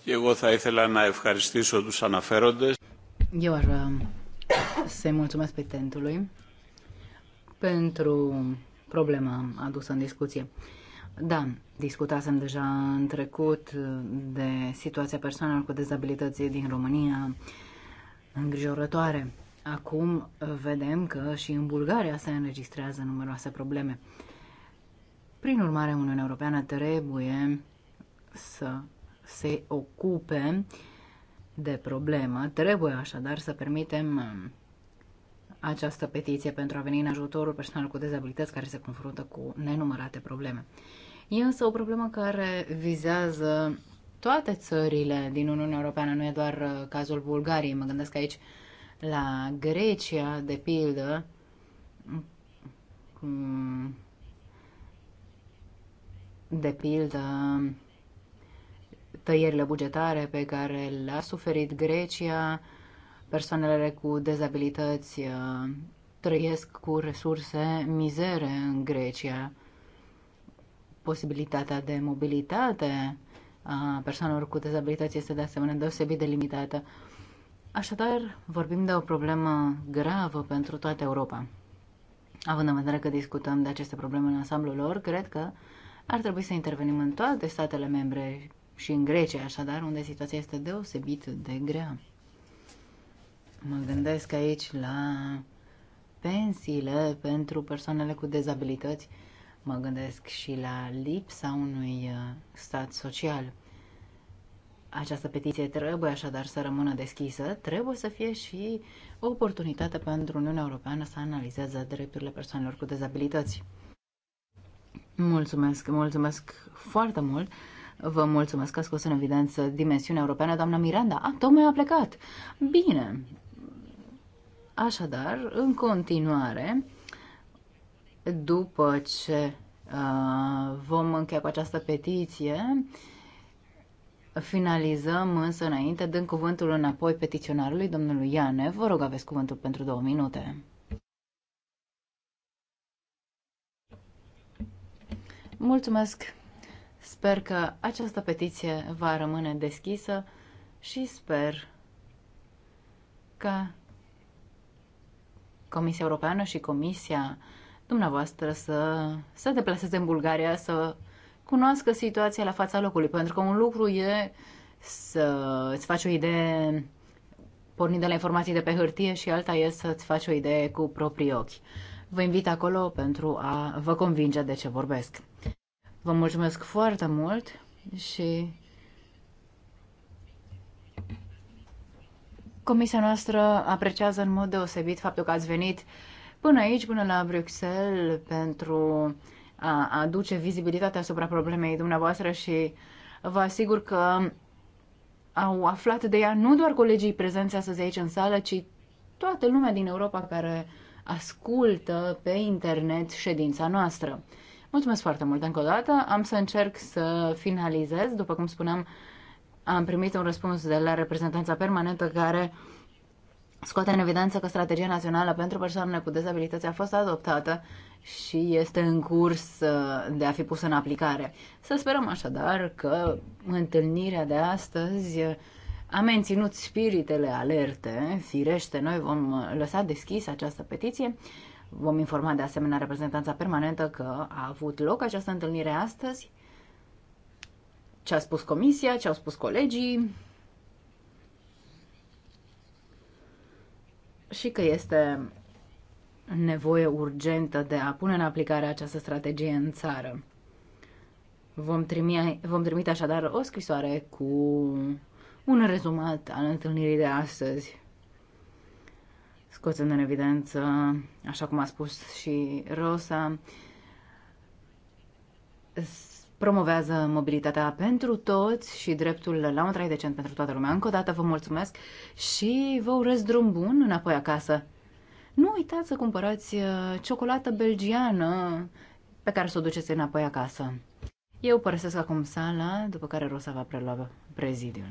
Eu θα ήθελα να ευχαριστήσω τους αναφέροντες. Eu ar să-i mulțumesc petentului pentru problema adusă în discuție. Da, discutasem deja în trecut de situația persoanelor cu dezabilități din România îngrijorătoare. Acum vedem că și în Bulgaria se înregistrează numeroase probleme. Prin urmare, Uniunea Europeană trebuie să se ocupe de problemă. Trebuie așadar să permitem um, această petiție pentru a veni în ajutorul persoanelor cu dezabilități care se confruntă cu nenumărate probleme. E însă o problemă care vizează toate țările din Uniunea Europeană, nu e doar uh, cazul Bulgariei. Mă gândesc aici la Grecia, de pildă, de pildă tăierile bugetare pe care le-a suferit Grecia, persoanele cu dezabilități uh, trăiesc cu resurse mizere în Grecia, posibilitatea de mobilitate a persoanelor cu dezabilități este de asemenea deosebit de limitată. Așadar, vorbim de o problemă gravă pentru toată Europa. Având în vedere că discutăm de aceste probleme în ansamblul lor, cred că ar trebui să intervenim în toate statele membre și în Grecia, așadar, unde situația este deosebit de grea. Mă gândesc aici la pensiile pentru persoanele cu dezabilități, mă gândesc și la lipsa unui uh, stat social. Această petiție trebuie așadar să rămână deschisă, trebuie să fie și o oportunitate pentru Uniunea Europeană să analizeze drepturile persoanelor cu dezabilități. Mulțumesc, mulțumesc foarte mult. Vă mulțumesc că a scos în evidență dimensiunea europeană, doamna Miranda. A, ah, tocmai a plecat. Bine. Așadar, în continuare, după ce uh, vom încheia cu această petiție, finalizăm însă înainte, dând cuvântul înapoi petiționarului, domnului Iane. Vă rog, aveți cuvântul pentru două minute. Mulțumesc! Sper că această petiție va rămâne deschisă și sper că Comisia Europeană și Comisia dumneavoastră să se deplaseze în Bulgaria, să cunoască situația la fața locului, pentru că un lucru e să îți faci o idee pornind de la informații de pe hârtie și alta e să îți faci o idee cu proprii ochi. Vă invit acolo pentru a vă convinge de ce vorbesc. Vă mulțumesc foarte mult și comisia noastră apreciază în mod deosebit faptul că ați venit până aici, până la Bruxelles, pentru a aduce vizibilitate asupra problemei dumneavoastră și vă asigur că au aflat de ea nu doar colegii prezenți astăzi aici în sală, ci toată lumea din Europa care ascultă pe internet ședința noastră. Mulțumesc foarte mult încă o dată. Am să încerc să finalizez. După cum spuneam, am primit un răspuns de la reprezentanța permanentă care scoate în evidență că strategia națională pentru persoanele cu dezabilități a fost adoptată și este în curs uh, de a fi pusă în aplicare. Să sperăm așadar că întâlnirea de astăzi uh, a menținut spiritele alerte. Firește, noi vom uh, lăsa deschis această petiție Vom informa de asemenea reprezentanța permanentă că a avut loc această întâlnire astăzi, ce a spus comisia, ce au spus colegii și că este nevoie urgentă de a pune în aplicare această strategie în țară. Vom, trimi, vom trimite așadar o scrisoare cu un rezumat al întâlnirii de astăzi scoțând în evidență, așa cum a spus și Rosa, promovează mobilitatea pentru toți și dreptul la un trai decent pentru toată lumea. Încă o dată vă mulțumesc și vă urez drum bun înapoi acasă. Nu uitați să cumpărați uh, ciocolată belgiană pe care să o duceți înapoi acasă. Eu părăsesc acum sala, după care Rosa va prelua prezidiul.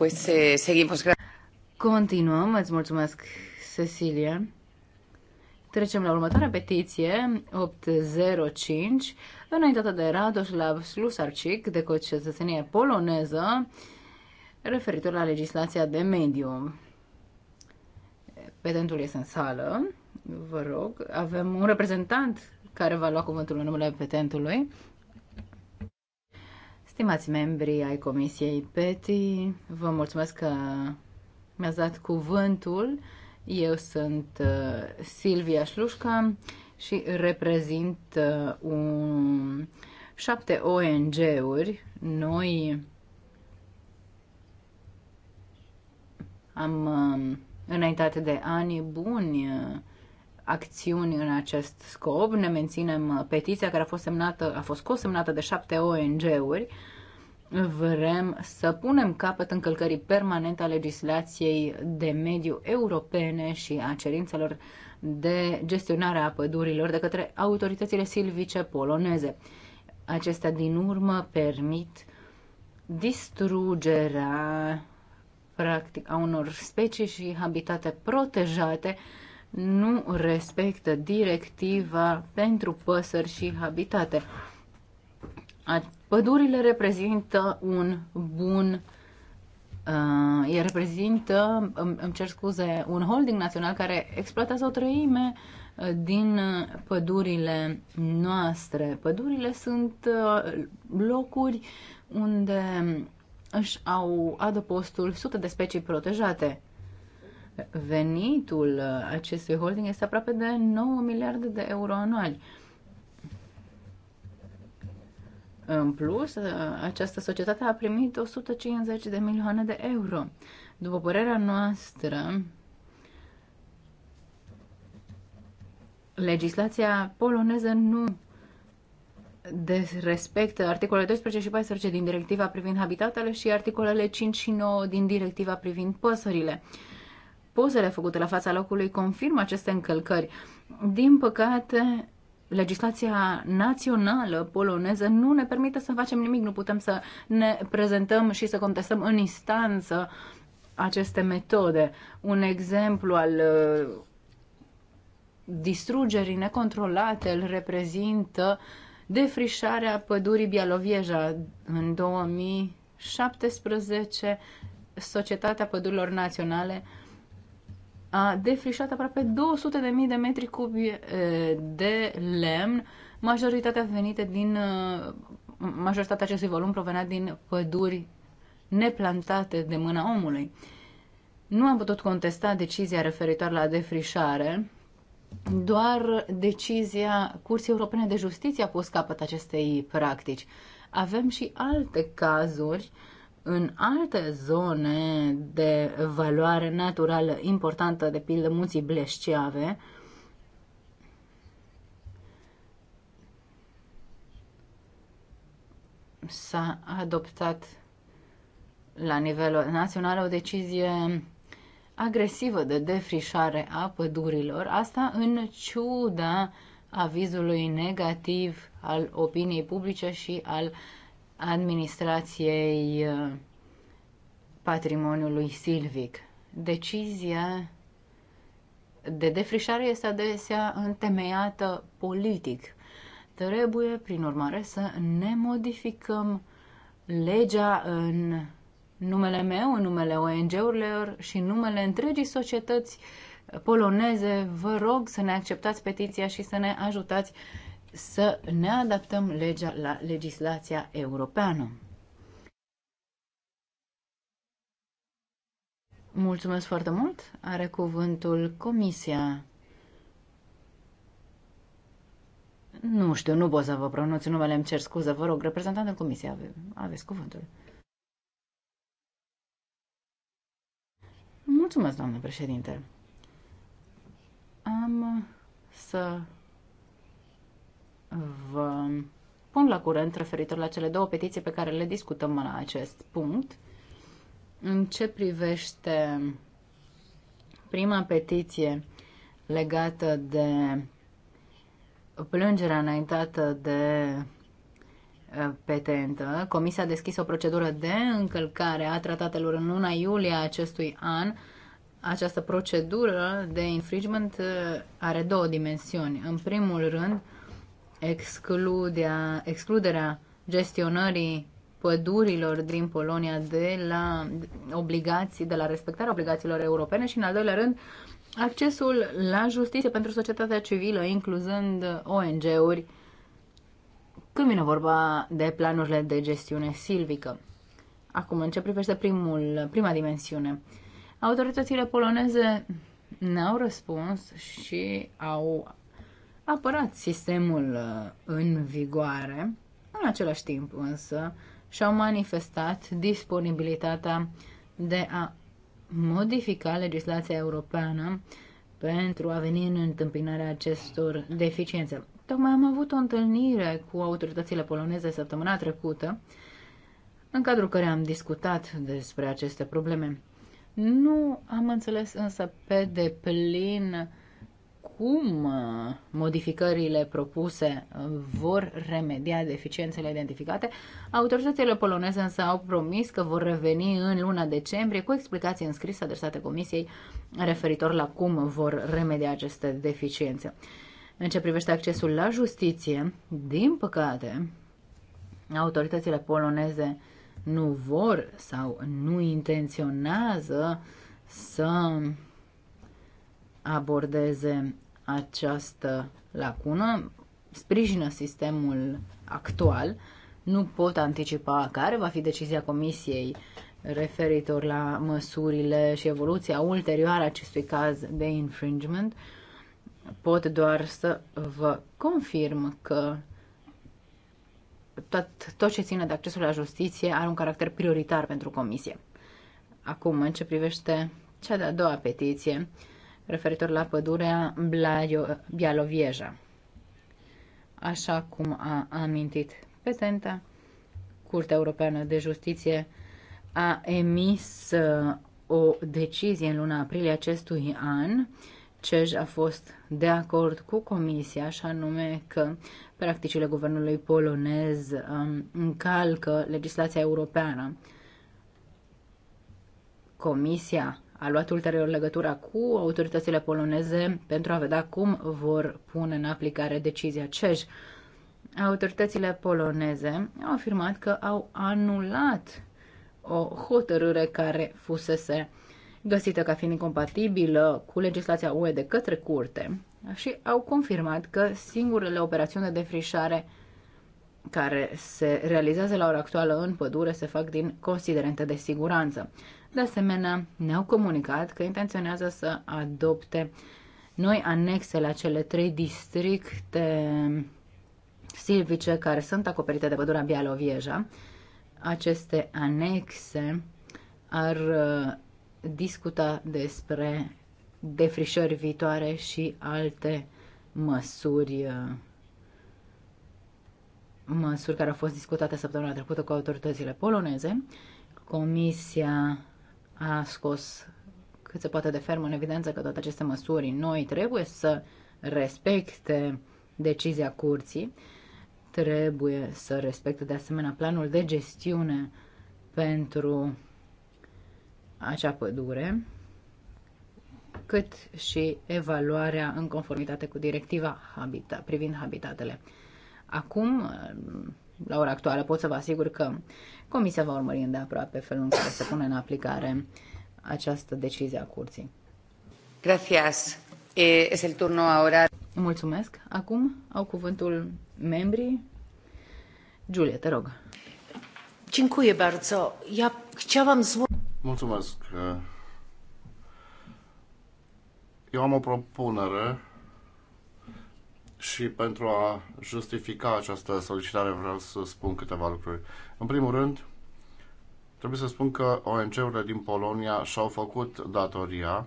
Pues eh, seguimos. Continuăm, îți mulțumesc, Cecilia. Trecem la următoarea petiție, 805, înaintată de Radoslav Slusarcic, de cetățenie poloneză, referitor la legislația de mediu. Petentul este în sală, vă rog. Avem un reprezentant care va lua cuvântul în numele petentului. Stimați membri ai Comisiei PETI, vă mulțumesc că mi-ați dat cuvântul. Eu sunt uh, Silvia Șlușca și reprezint uh, un, șapte ONG-uri. Noi am um, înaintat de ani buni uh, acțiuni în acest scop. Ne menținem petiția care a fost semnată, a fost cosemnată de șapte ONG-uri vrem să punem capăt încălcării permanente a legislației de mediu europene și a cerințelor de gestionare a pădurilor de către autoritățile silvice poloneze. Acestea din urmă permit distrugerea practic a unor specii și habitate protejate nu respectă directiva pentru păsări și habitate Pădurile reprezintă un bun Uh, e reprezintă, îmi, îmi cer scuze, un holding național care exploatează o treime uh, din uh, pădurile noastre. Pădurile sunt uh, locuri unde își au adăpostul sute de specii protejate. Venitul acestui holding este aproape de 9 miliarde de euro anuali. În plus, ă, această societate a primit 150 de milioane de euro. După părerea noastră, legislația poloneză nu respectă articolele 12 și 14 din directiva privind habitatele și articolele 5 și 9 din directiva privind păsările. Pozele făcute la fața locului confirmă aceste încălcări. Din păcate, legislația națională poloneză nu ne permite să facem nimic, nu putem să ne prezentăm și să contestăm în instanță aceste metode. Un exemplu al uh, distrugerii necontrolate îl reprezintă defrișarea pădurii Bialovieja în 2017 Societatea Pădurilor Naționale a defrișat aproape 200.000 de metri cubi de lemn, majoritatea venite din majoritatea acestui volum provenea din păduri neplantate de mâna omului. Nu am putut contesta decizia referitoare la defrișare, doar decizia Curții Europene de Justiție a pus capăt acestei practici. Avem și alte cazuri uh, în alte zone de valoare naturală importantă, de pildă munții Bleșceave, s-a adoptat la nivel național o decizie agresivă de defrișare a pădurilor, asta în ciuda avizului negativ al opiniei publice și al uh, administrației uh, patrimoniului silvic. Decizia de defrișare este adesea întemeiată politic. Trebuie, prin urmare, să ne modificăm legea în numele meu, în numele ONG-urilor și în numele întregii societăți poloneze. Vă rog să ne acceptați petiția și să ne ajutați să ne adaptăm legea la legislația europeană. Mulțumesc foarte mult. Are cuvântul Comisia. Nu știu, nu pot să vă pronunț numele, îmi cer scuză, vă rog, reprezentantul Comisiei, ave, aveți cuvântul. Mulțumesc, doamnă președinte. Am să vă pun la curent referitor la cele două petiții pe care le discutăm la acest punct. În ce privește prima petiție legată de plângerea înaintată de petentă, Comisia a deschis o procedură de încălcare a tratatelor în luna iulie acestui an. Această procedură de infringement are două dimensiuni. În primul rând, excludea, excluderea gestionării pădurilor din Polonia de la obligații, de la respectarea obligațiilor europene și, în al doilea rând, accesul la justiție pentru societatea civilă, incluzând ONG-uri, când vine vorba de planurile de gestiune silvică. Acum, în ce privește primul, prima dimensiune, autoritățile poloneze n-au răspuns și au apărat sistemul uh, în vigoare, în același timp însă și-au manifestat disponibilitatea de a modifica legislația europeană pentru a veni în întâmpinarea acestor deficiențe. Tocmai am avut o întâlnire cu autoritățile poloneze săptămâna trecută, în cadrul care am discutat despre aceste probleme. Nu am înțeles însă pe deplin cum uh, modificările propuse uh, vor remedia deficiențele identificate, autoritățile poloneze însă au promis că vor reveni în luna decembrie cu explicații înscrise adresate Comisiei referitor la cum vor remedia aceste deficiențe. În ce privește accesul la justiție, din păcate, autoritățile poloneze nu vor sau nu intenționează să abordeze această lacună, sprijină sistemul actual. Nu pot anticipa care va fi decizia Comisiei referitor la măsurile și evoluția ulterioară acestui caz de infringement. Pot doar să vă confirm că tot, tot ce ține de accesul la justiție are un caracter prioritar pentru Comisie. Acum, în ce privește cea de-a doua petiție, referitor la pădurea Bialovieja. Așa cum a amintit petenta, Curtea Europeană de Justiție a emis uh, o decizie în luna aprilie acestui an. CEJ a fost de acord cu Comisia, așa nume că practicile guvernului polonez um, încalcă legislația europeană. Comisia a luat ulterior legătura cu autoritățile poloneze pentru a vedea cum vor pune în aplicare decizia CEJ. Autoritățile poloneze au afirmat că au anulat o hotărâre care fusese găsită ca fiind incompatibilă cu legislația UE de către curte și au confirmat că singurele operațiuni de defrișare care se realizează la ora actuală în pădure se fac din considerente de siguranță. De asemenea, ne-au comunicat că intenționează să adopte noi anexe la cele trei districte silvice care sunt acoperite de pădurea Bialovieja. Aceste anexe ar uh, discuta despre defrișări viitoare și alte măsuri uh, măsuri care au fost discutate săptămâna trecută cu autoritățile poloneze. Comisia a scos cât se poate de ferm în evidență că toate aceste măsuri noi trebuie să respecte decizia curții, trebuie să respecte de asemenea planul de gestiune pentru acea pădure, cât și evaluarea în conformitate cu directiva habita, privind habitatele. Acum, la ora actuală, pot să vă asigur că Comisia va urmări îndeaproape felul în care se pune în aplicare această decizie a curții. Gracias. Es el turno ahora. Mulțumesc. Acum au cuvântul membrii. Giulia, te rog. Dziękuję bardzo. Ja chciałam zło... Mulțumesc. Eu am o propunere și pentru a justifica această solicitare vreau să spun câteva lucruri. În primul rând, trebuie să spun că ONG-urile din Polonia și-au făcut datoria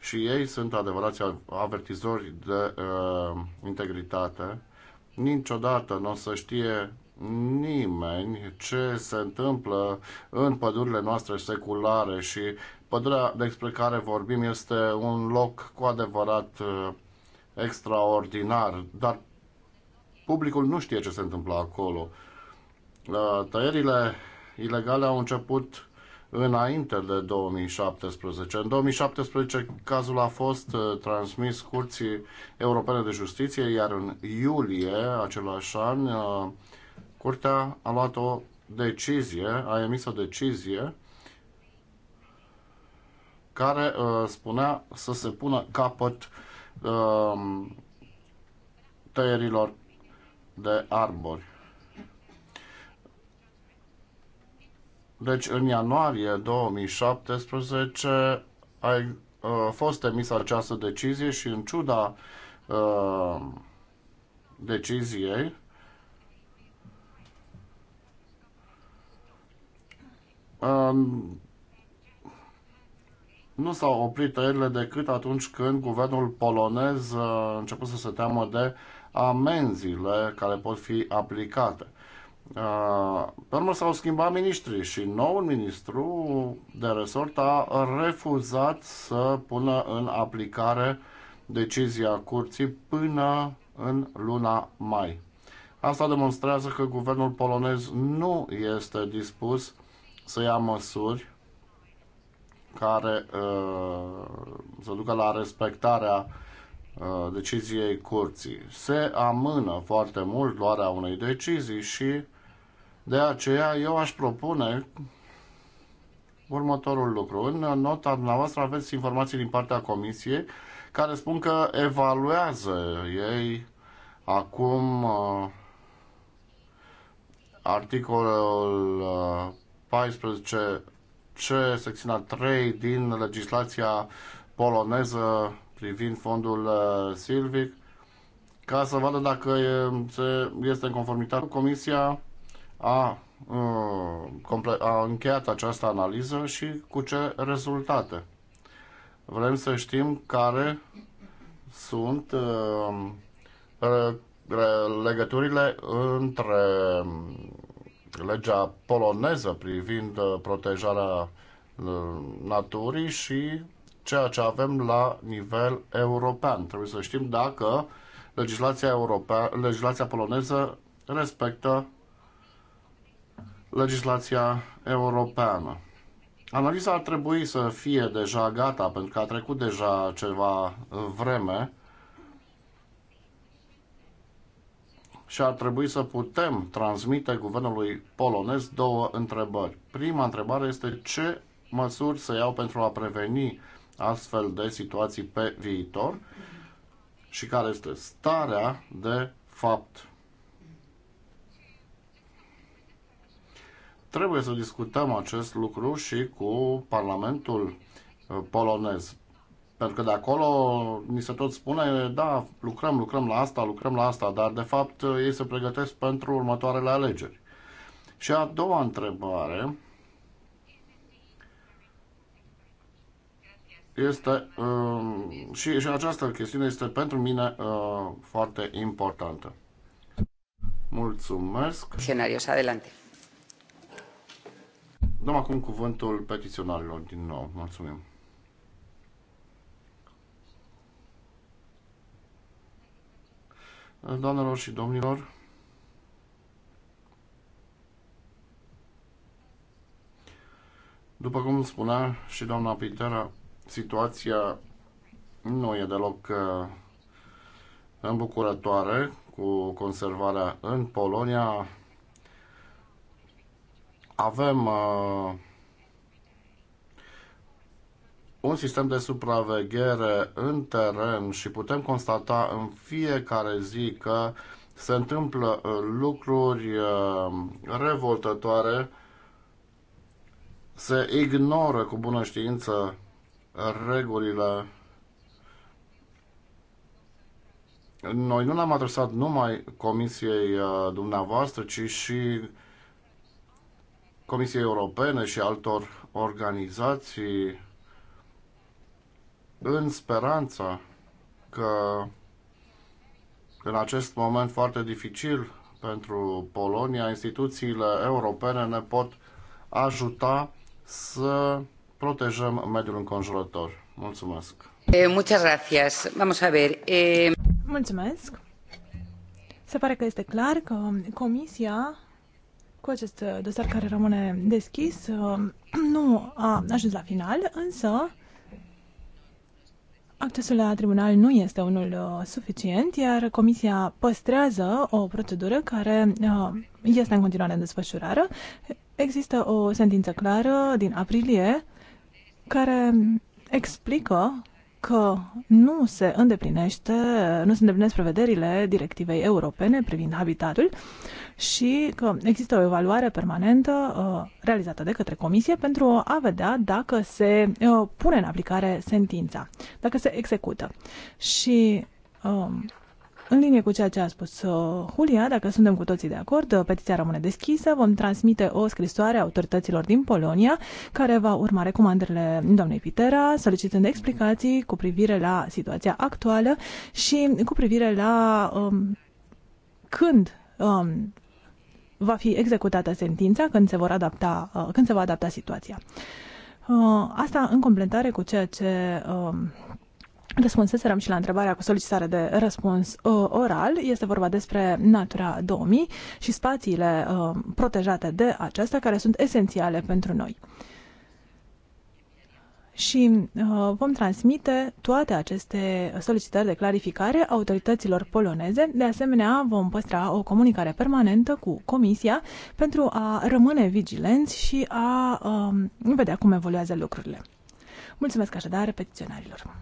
și ei sunt adevărați avertizori de uh, integritate. Niciodată nu o să știe nimeni ce se întâmplă în pădurile noastre seculare și pădurea despre care vorbim este un loc cu adevărat uh, extraordinar, dar publicul nu știe ce se întâmplă acolo. Uh, tăierile ilegale au început înainte de 2017. În 2017 cazul a fost uh, transmis Curții Europene de Justiție, iar în iulie același an uh, Curtea a luat o decizie, a emis o decizie care spunea să se pună capăt uh, Um, tăierilor de arbori. Deci, în ianuarie 2017 a uh, fost emisă această decizie și în ciuda uh, deciziei uh, nu s-au oprit tăierile decât atunci când guvernul polonez uh, a început să se teamă de amenziile care pot fi aplicate. Uh, pe urmă s-au schimbat ministrii și noul ministru de resort a refuzat să pună în aplicare decizia curții până în luna mai. Asta demonstrează că guvernul polonez nu este dispus să ia măsuri care uh, să ducă la respectarea uh, deciziei curții. Se amână foarte mult luarea unei decizii și de aceea eu aș propune următorul lucru. În nota dumneavoastră aveți informații din partea comisiei care spun că evaluează ei acum uh, articolul 14 C, secțiunea 3 din legislația poloneză privind fondul uh, silvic ca să vadă dacă este în conformitate. Comisia a, uh, a încheiat această analiză și cu ce rezultate. Vrem să știm care sunt uh, legăturile între legea poloneză privind uh, protejarea uh, naturii și ceea ce avem la nivel european. Trebuie să știm dacă legislația, europea, legislația poloneză respectă legislația europeană. Analiza ar trebui să fie deja gata, pentru că a trecut deja ceva vreme și ar trebui să putem transmite guvernului polonez două întrebări. Prima întrebare este ce măsuri se iau pentru a preveni astfel de situații pe viitor și care este starea de fapt. Trebuie să discutăm acest lucru și cu Parlamentul polonez. Pentru că de acolo mi se tot spune, da, lucrăm, lucrăm la asta, lucrăm la asta, dar de fapt ei se pregătesc pentru următoarele alegeri. Și a doua întrebare este, um, și, și această chestiune este pentru mine uh, foarte importantă. Mulțumesc. Scenarios, adelante. Dăm acum cuvântul petiționarilor din nou. Mulțumim. Doamnelor și domnilor, după cum spunea și doamna Pintera, situația nu e deloc uh, îmbucurătoare cu conservarea în Polonia. Avem uh, un sistem de supraveghere în teren și putem constata în fiecare zi că se întâmplă uh, lucruri uh, revoltătoare, se ignoră cu bună știință regulile. Noi nu ne-am adresat numai Comisiei uh, dumneavoastră, ci și Comisiei Europene și altor organizații în speranța că în acest moment foarte dificil pentru Polonia, instituțiile europene ne pot ajuta să protejăm mediul înconjurător. Mulțumesc! Eh, eh, Mulțumesc! Se pare că este clar că Comisia cu acest dosar care rămâne deschis eh, nu a ajuns la final, însă Accesul la tribunal nu este unul uh, suficient, iar Comisia păstrează o procedură care uh, este în continuare în desfășurare. Există o sentință clară din aprilie care explică că nu se îndeplinește, nu se îndeplinesc prevederile directivei europene privind habitatul și că există o evaluare permanentă uh, realizată de către comisie pentru a vedea dacă se uh, pune în aplicare sentința, dacă se execută. Și um, în linie cu ceea ce a spus uh, Julia, dacă suntem cu toții de acord, uh, petiția rămâne deschisă. Vom transmite o scrisoare autorităților din Polonia, care va urma recomandările doamnei Pitera, solicitând explicații cu privire la situația actuală și cu privire la um, când um, va fi executată sentința, când se, vor adapta, uh, când se va adapta situația. Uh, asta în completare cu ceea ce uh, Răspunseserăm și la întrebarea cu solicitare de răspuns uh, oral. Este vorba despre Natura 2000 și spațiile uh, protejate de acestea, care sunt esențiale pentru noi. Și uh, vom transmite toate aceste solicitări de clarificare autorităților poloneze. De asemenea, vom păstra o comunicare permanentă cu Comisia pentru a rămâne vigilenți și a uh, vedea cum evoluează lucrurile. Mulțumesc așadar petiționarilor.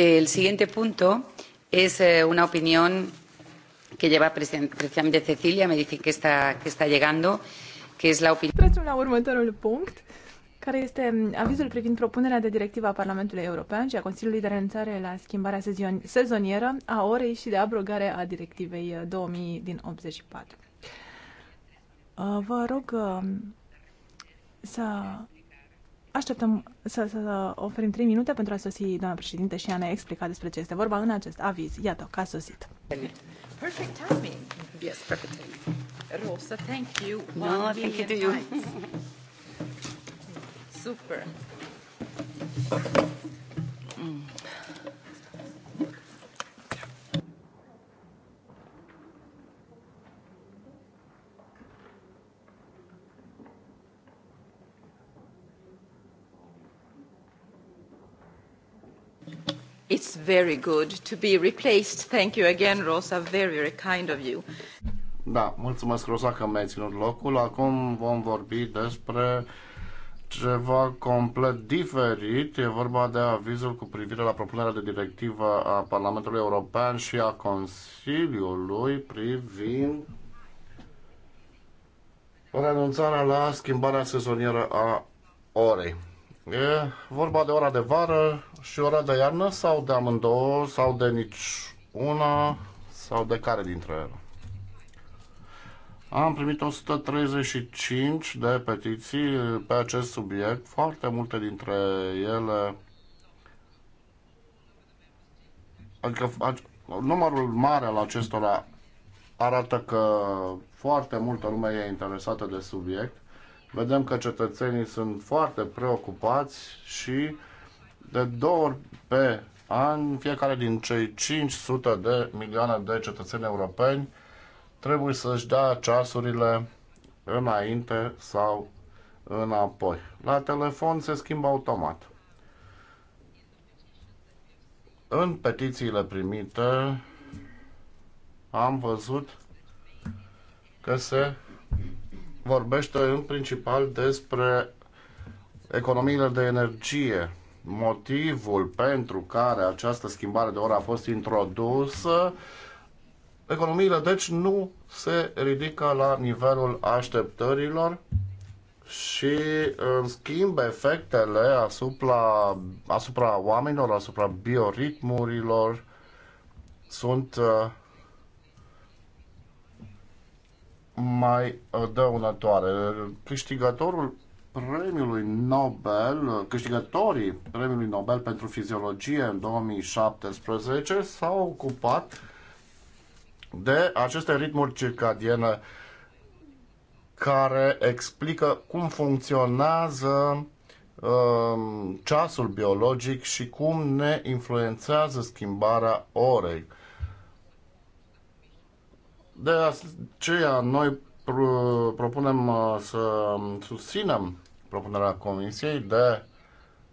El siguiente punto es eh, una opinión que lleva precisamente Cecilia, me dice que está, que está llegando, que es la opinión. Trecem la următorul punct, care este mm, avizul privind propunerea de directivă a Parlamentului European și a Consiliului de renunțare la schimbarea sezon sezonieră a orei și de abrogare a directivei 2000 uh, din 84. Uh, vă rog uh, să Așteptăm să, să oferim 3 minute pentru a sosi doamna președinte și a ne explica despre ce este vorba în acest aviz. Iată, ca sosit. Perfect timing. Yes, perfect timing. Rosa, thank you. no, thank you to you. Super. Mm. It's very good to be replaced. Thank you again, Rosa. Very, very kind of you. Da, mulțumesc, Rosa, că mi-ai ținut locul. Acum vom vorbi despre ceva complet diferit. E vorba de avizul cu privire la propunerea de directivă a Parlamentului European și a Consiliului privind renunțarea la schimbarea sezonieră a orei. E vorba de ora de vară și ora de iarnă sau de amândouă sau de nici una sau de care dintre ele? Am primit 135 de petiții pe acest subiect, foarte multe dintre ele adică numărul mare al acestora arată că foarte multă lume e interesată de subiect vedem că cetățenii sunt foarte preocupați și de două ori pe an, fiecare din cei 500 de milioane de cetățeni europeni trebuie să-și dea ceasurile înainte sau înapoi. La telefon se schimbă automat. În petițiile primite am văzut că se vorbește în principal despre economiile de energie. Motivul pentru care această schimbare de oră a fost introdusă, economiile deci nu se ridică la nivelul așteptărilor și în schimb efectele asupra, asupra oamenilor, asupra bioritmurilor sunt uh, mai uh, dăunătoare. Câștigătorul premiului Nobel, uh, câștigătorii premiului Nobel pentru fiziologie în 2017 s-au ocupat de aceste ritmuri circadiene care explică cum funcționează um, ceasul biologic și cum ne influențează schimbarea orei. De aceea, noi propunem uh, să susținem propunerea Comisiei de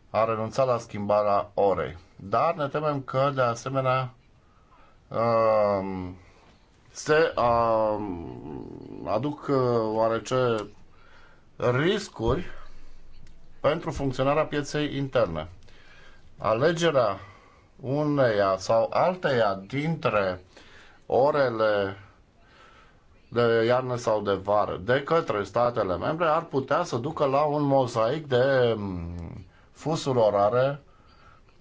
a renunța la schimbarea orei. Dar ne temem că, de asemenea, uh, se uh, aduc oarece riscuri pentru funcționarea pieței interne. Alegerea uneia sau alteia dintre orele de iarnă sau de vară de către statele membre ar putea să ducă la un mozaic de mm, fusuri orare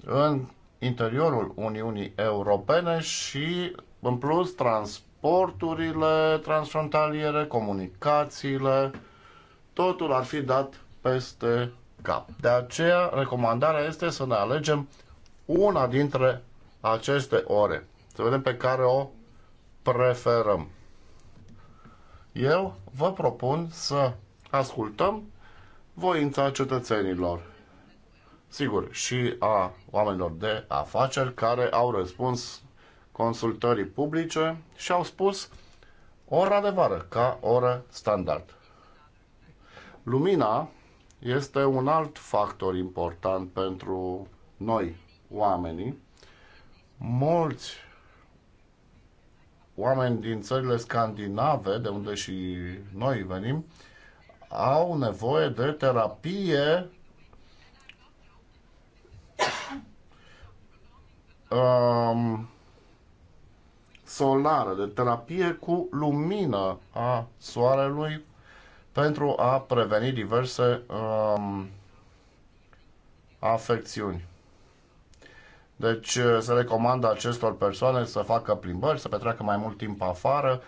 în interiorul Uniunii Europene și, în plus, transporturile transfrontaliere, comunicațiile, totul ar fi dat peste cap. De aceea, recomandarea este să ne alegem una dintre aceste ore, să vedem pe care o preferăm. Eu vă propun să ascultăm voința cetățenilor. Sigur, și a oamenilor de afaceri care au răspuns consultării publice și au spus ora de vară ca oră standard. Lumina este un alt factor important pentru noi, oamenii. Mulți oameni din țările scandinave, de unde și noi venim, au nevoie de terapie um, solară, de terapie cu lumină a soarelui pentru a preveni diverse um, afecțiuni. Deci uh, se recomandă acestor persoane să facă plimbări, să petreacă mai mult timp afară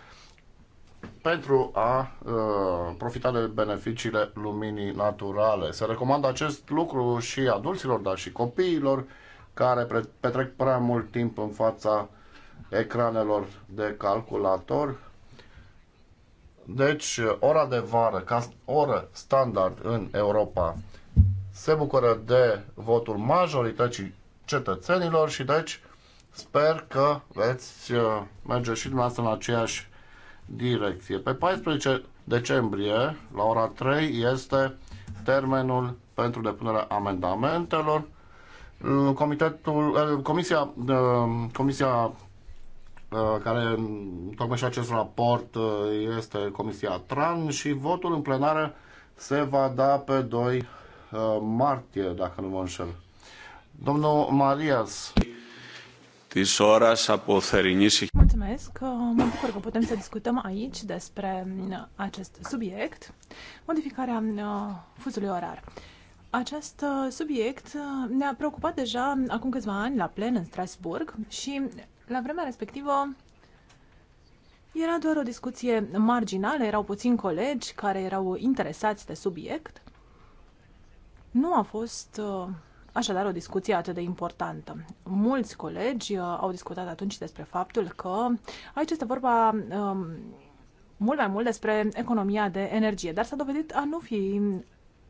pentru a uh, profita de beneficiile luminii naturale. Se recomandă acest lucru și adulților, dar și copiilor care petrec prea mult timp în fața ecranelor de calculator. Deci, ora de vară, ca oră standard în Europa, se bucură de votul majorității cetățenilor și deci sper că veți uh, merge și dumneavoastră în aceeași direcție. Pe 14 decembrie, la ora 3, este termenul pentru depunerea amendamentelor. Uh, comitetul, uh, comisia, comisia care tocmai și acest raport este Comisia TRAN și votul în plenară se va da pe 2 martie, dacă nu mă înșel. Domnul Marias. Mulțumesc! Mă bucur că putem să discutăm aici despre mm, acest subiect, modificarea mm, fuzului orar. Acest uh, subiect uh, ne-a preocupat deja acum câțiva ani la plen în Strasburg și mm, la vremea respectivă era doar o discuție marginală, erau puțini colegi care erau interesați de subiect. Nu a fost uh, Așadar, o discuție atât de importantă. Mulți colegi uh, au discutat atunci despre faptul că aici este vorba um, mult mai mult despre economia de energie, dar s-a dovedit a nu fi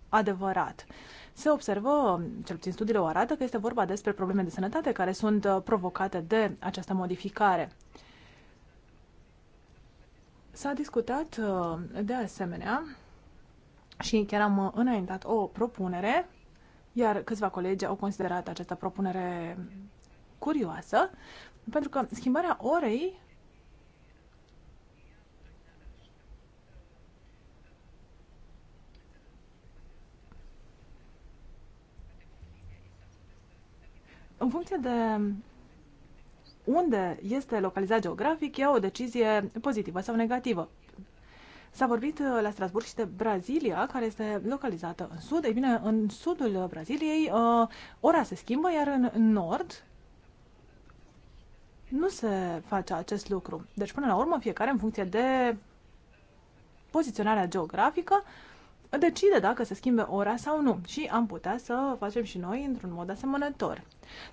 adevărat. Se observă, cel puțin studiile o arată, că este vorba despre probleme de sănătate care sunt uh, provocate de această modificare. S-a discutat uh, de asemenea și chiar am înaintat o propunere iar câțiva colegi au considerat această propunere curioasă, pentru că schimbarea orei în funcție de unde este localizat geografic, e o decizie pozitivă sau negativă. S-a vorbit uh, la Strasburg și de Brazilia, care este localizată în sud. Ei bine, în sudul Braziliei uh, ora se schimbă, iar în nord nu se face acest lucru. Deci, până la urmă, fiecare, în funcție de poziționarea geografică, decide dacă se schimbe ora sau nu și am putea să facem și noi într-un mod asemănător.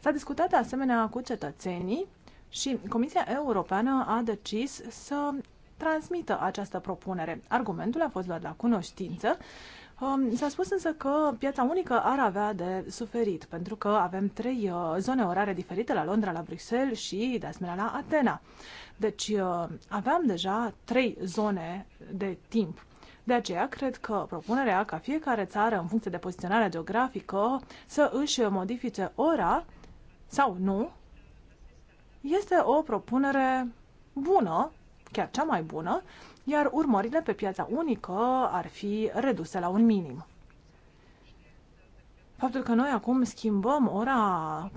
S-a discutat de asemenea cu cetățenii și Comisia Europeană a decis să transmită această propunere. Argumentul a fost luat la cunoștință. Um, s-a spus însă că piața unică ar avea de suferit, pentru că avem trei uh, zone orare diferite la Londra, la Bruxelles și, de asemenea, la Atena. Deci uh, aveam deja trei zone de timp. De aceea, cred că propunerea ca fiecare țară, în funcție de poziționarea geografică, să își modifice ora sau nu, este o propunere bună chiar cea mai bună, iar urmările pe piața unică ar fi reduse la un minim. Faptul că noi acum schimbăm ora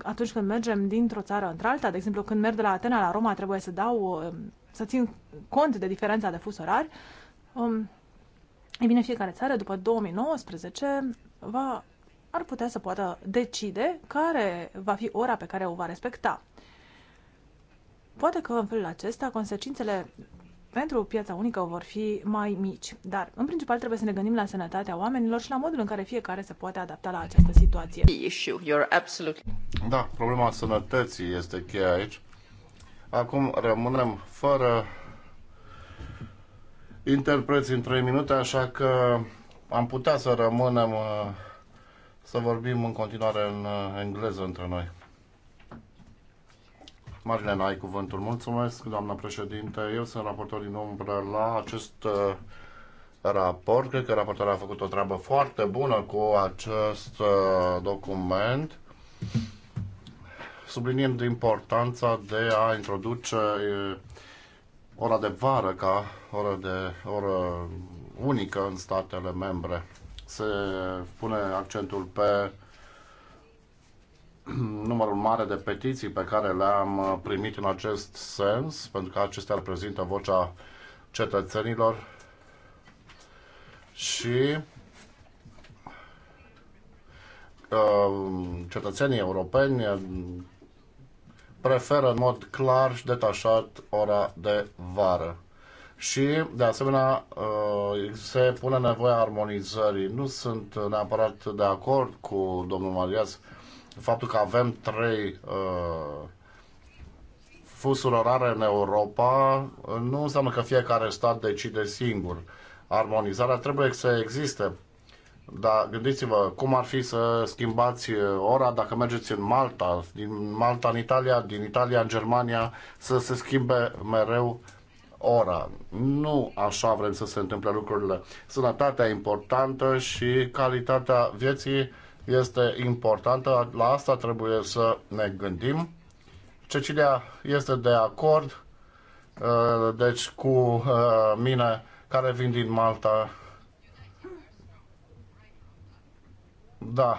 atunci când mergem dintr-o țară într-alta, de exemplu când merg de la Atena la Roma trebuie să dau, să țin cont de diferența de fus orar, um, e bine, fiecare țară după 2019 va, ar putea să poată decide care va fi ora pe care o va respecta. Poate că în felul acesta consecințele pentru piața unică vor fi mai mici, dar în principal trebuie să ne gândim la sănătatea oamenilor și la modul în care fiecare se poate adapta la această situație. Da, problema sănătății este cheia aici. Acum rămânem fără interpreți în 3 minute, așa că am putea să rămânem uh, să vorbim în continuare în uh, engleză între noi. Marlena, ai cuvântul. Mulțumesc, doamna președinte. Eu sunt raportor din umbră la acest uh, raport. Cred că raportorul a făcut o treabă foarte bună cu acest uh, document, subliniind importanța de a introduce uh, ora de vară ca oră, de, oră unică în statele membre. Se pune accentul pe [CLEARS THROAT] numărul mare de petiții pe care le-am uh, primit în acest sens, pentru că acestea reprezintă vocea cetățenilor și uh, cetățenii europeni uh, preferă în mod clar și detașat ora de vară. Și, de asemenea, se pune nevoia armonizării. Nu sunt neapărat de acord cu domnul Marias faptul că avem trei uh, fusuri orare în Europa nu înseamnă că fiecare stat decide singur. Armonizarea trebuie să existe. Dar gândiți-vă, cum ar fi să schimbați uh, ora dacă mergeți în Malta, din Malta în Italia, din Italia în Germania, să se schimbe mereu ora. Nu așa vrem să se întâmple lucrurile. Sănătatea e importantă și calitatea vieții este importantă, la asta trebuie să ne gândim. Cecilia este de acord, uh, deci cu uh, mine care vin din Malta. Da,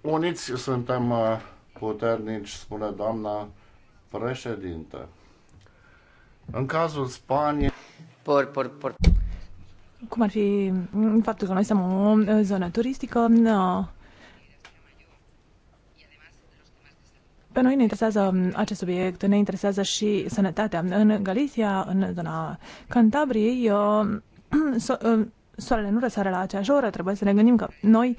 uniți suntem uh, puternici, spune doamna președinte. În cazul Spaniei... Por, por, por. Cum ar fi faptul că noi suntem o zonă turistică, Pe noi ne interesează um, acest subiect, ne interesează și sănătatea. În Galicia, în zona Cantabriei, um, [CLEARS THROAT] so um, soarele nu răsare la aceeași oră, trebuie să ne gândim că noi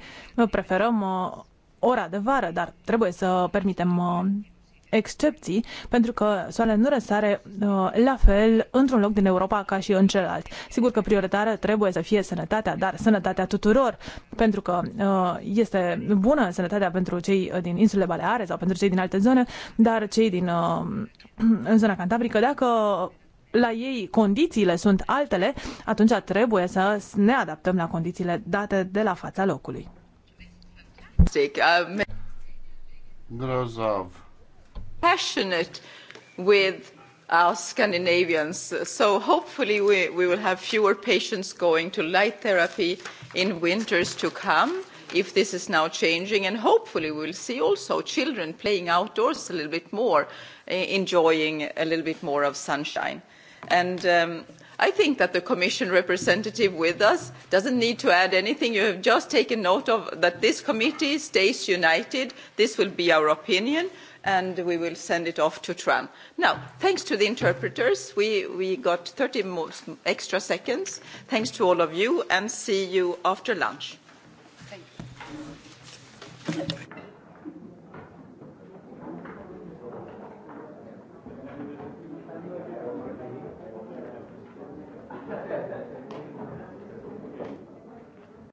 preferăm uh, ora de vară, dar trebuie să permitem uh, excepții, pentru că soarele nu răsare uh, la fel într-un loc din Europa ca și în celălalt. Sigur că prioritară trebuie să fie sănătatea, dar sănătatea tuturor, pentru că uh, este bună sănătatea pentru cei uh, din insulele Baleare sau pentru cei din alte zone, dar cei din [CLEARS THROAT] în zona Cantabrică, dacă la ei condițiile sunt altele, atunci trebuie să ne adaptăm la condițiile date de la fața locului. Grozav passionate with our Scandinavians. So hopefully we, we will have fewer patients going to light therapy in winters to come if this is now changing and hopefully we'll see also children playing outdoors a little bit more eh, enjoying a little bit more of sunshine and um, I think that the Commission representative with us doesn't need to add anything. You have just taken note of that this committee stays united. This will be our opinion and we will send it off to Tran. Now, thanks to the interpreters, we, we got 30 more extra seconds. Thanks to all of you, and see you after lunch. Thank you.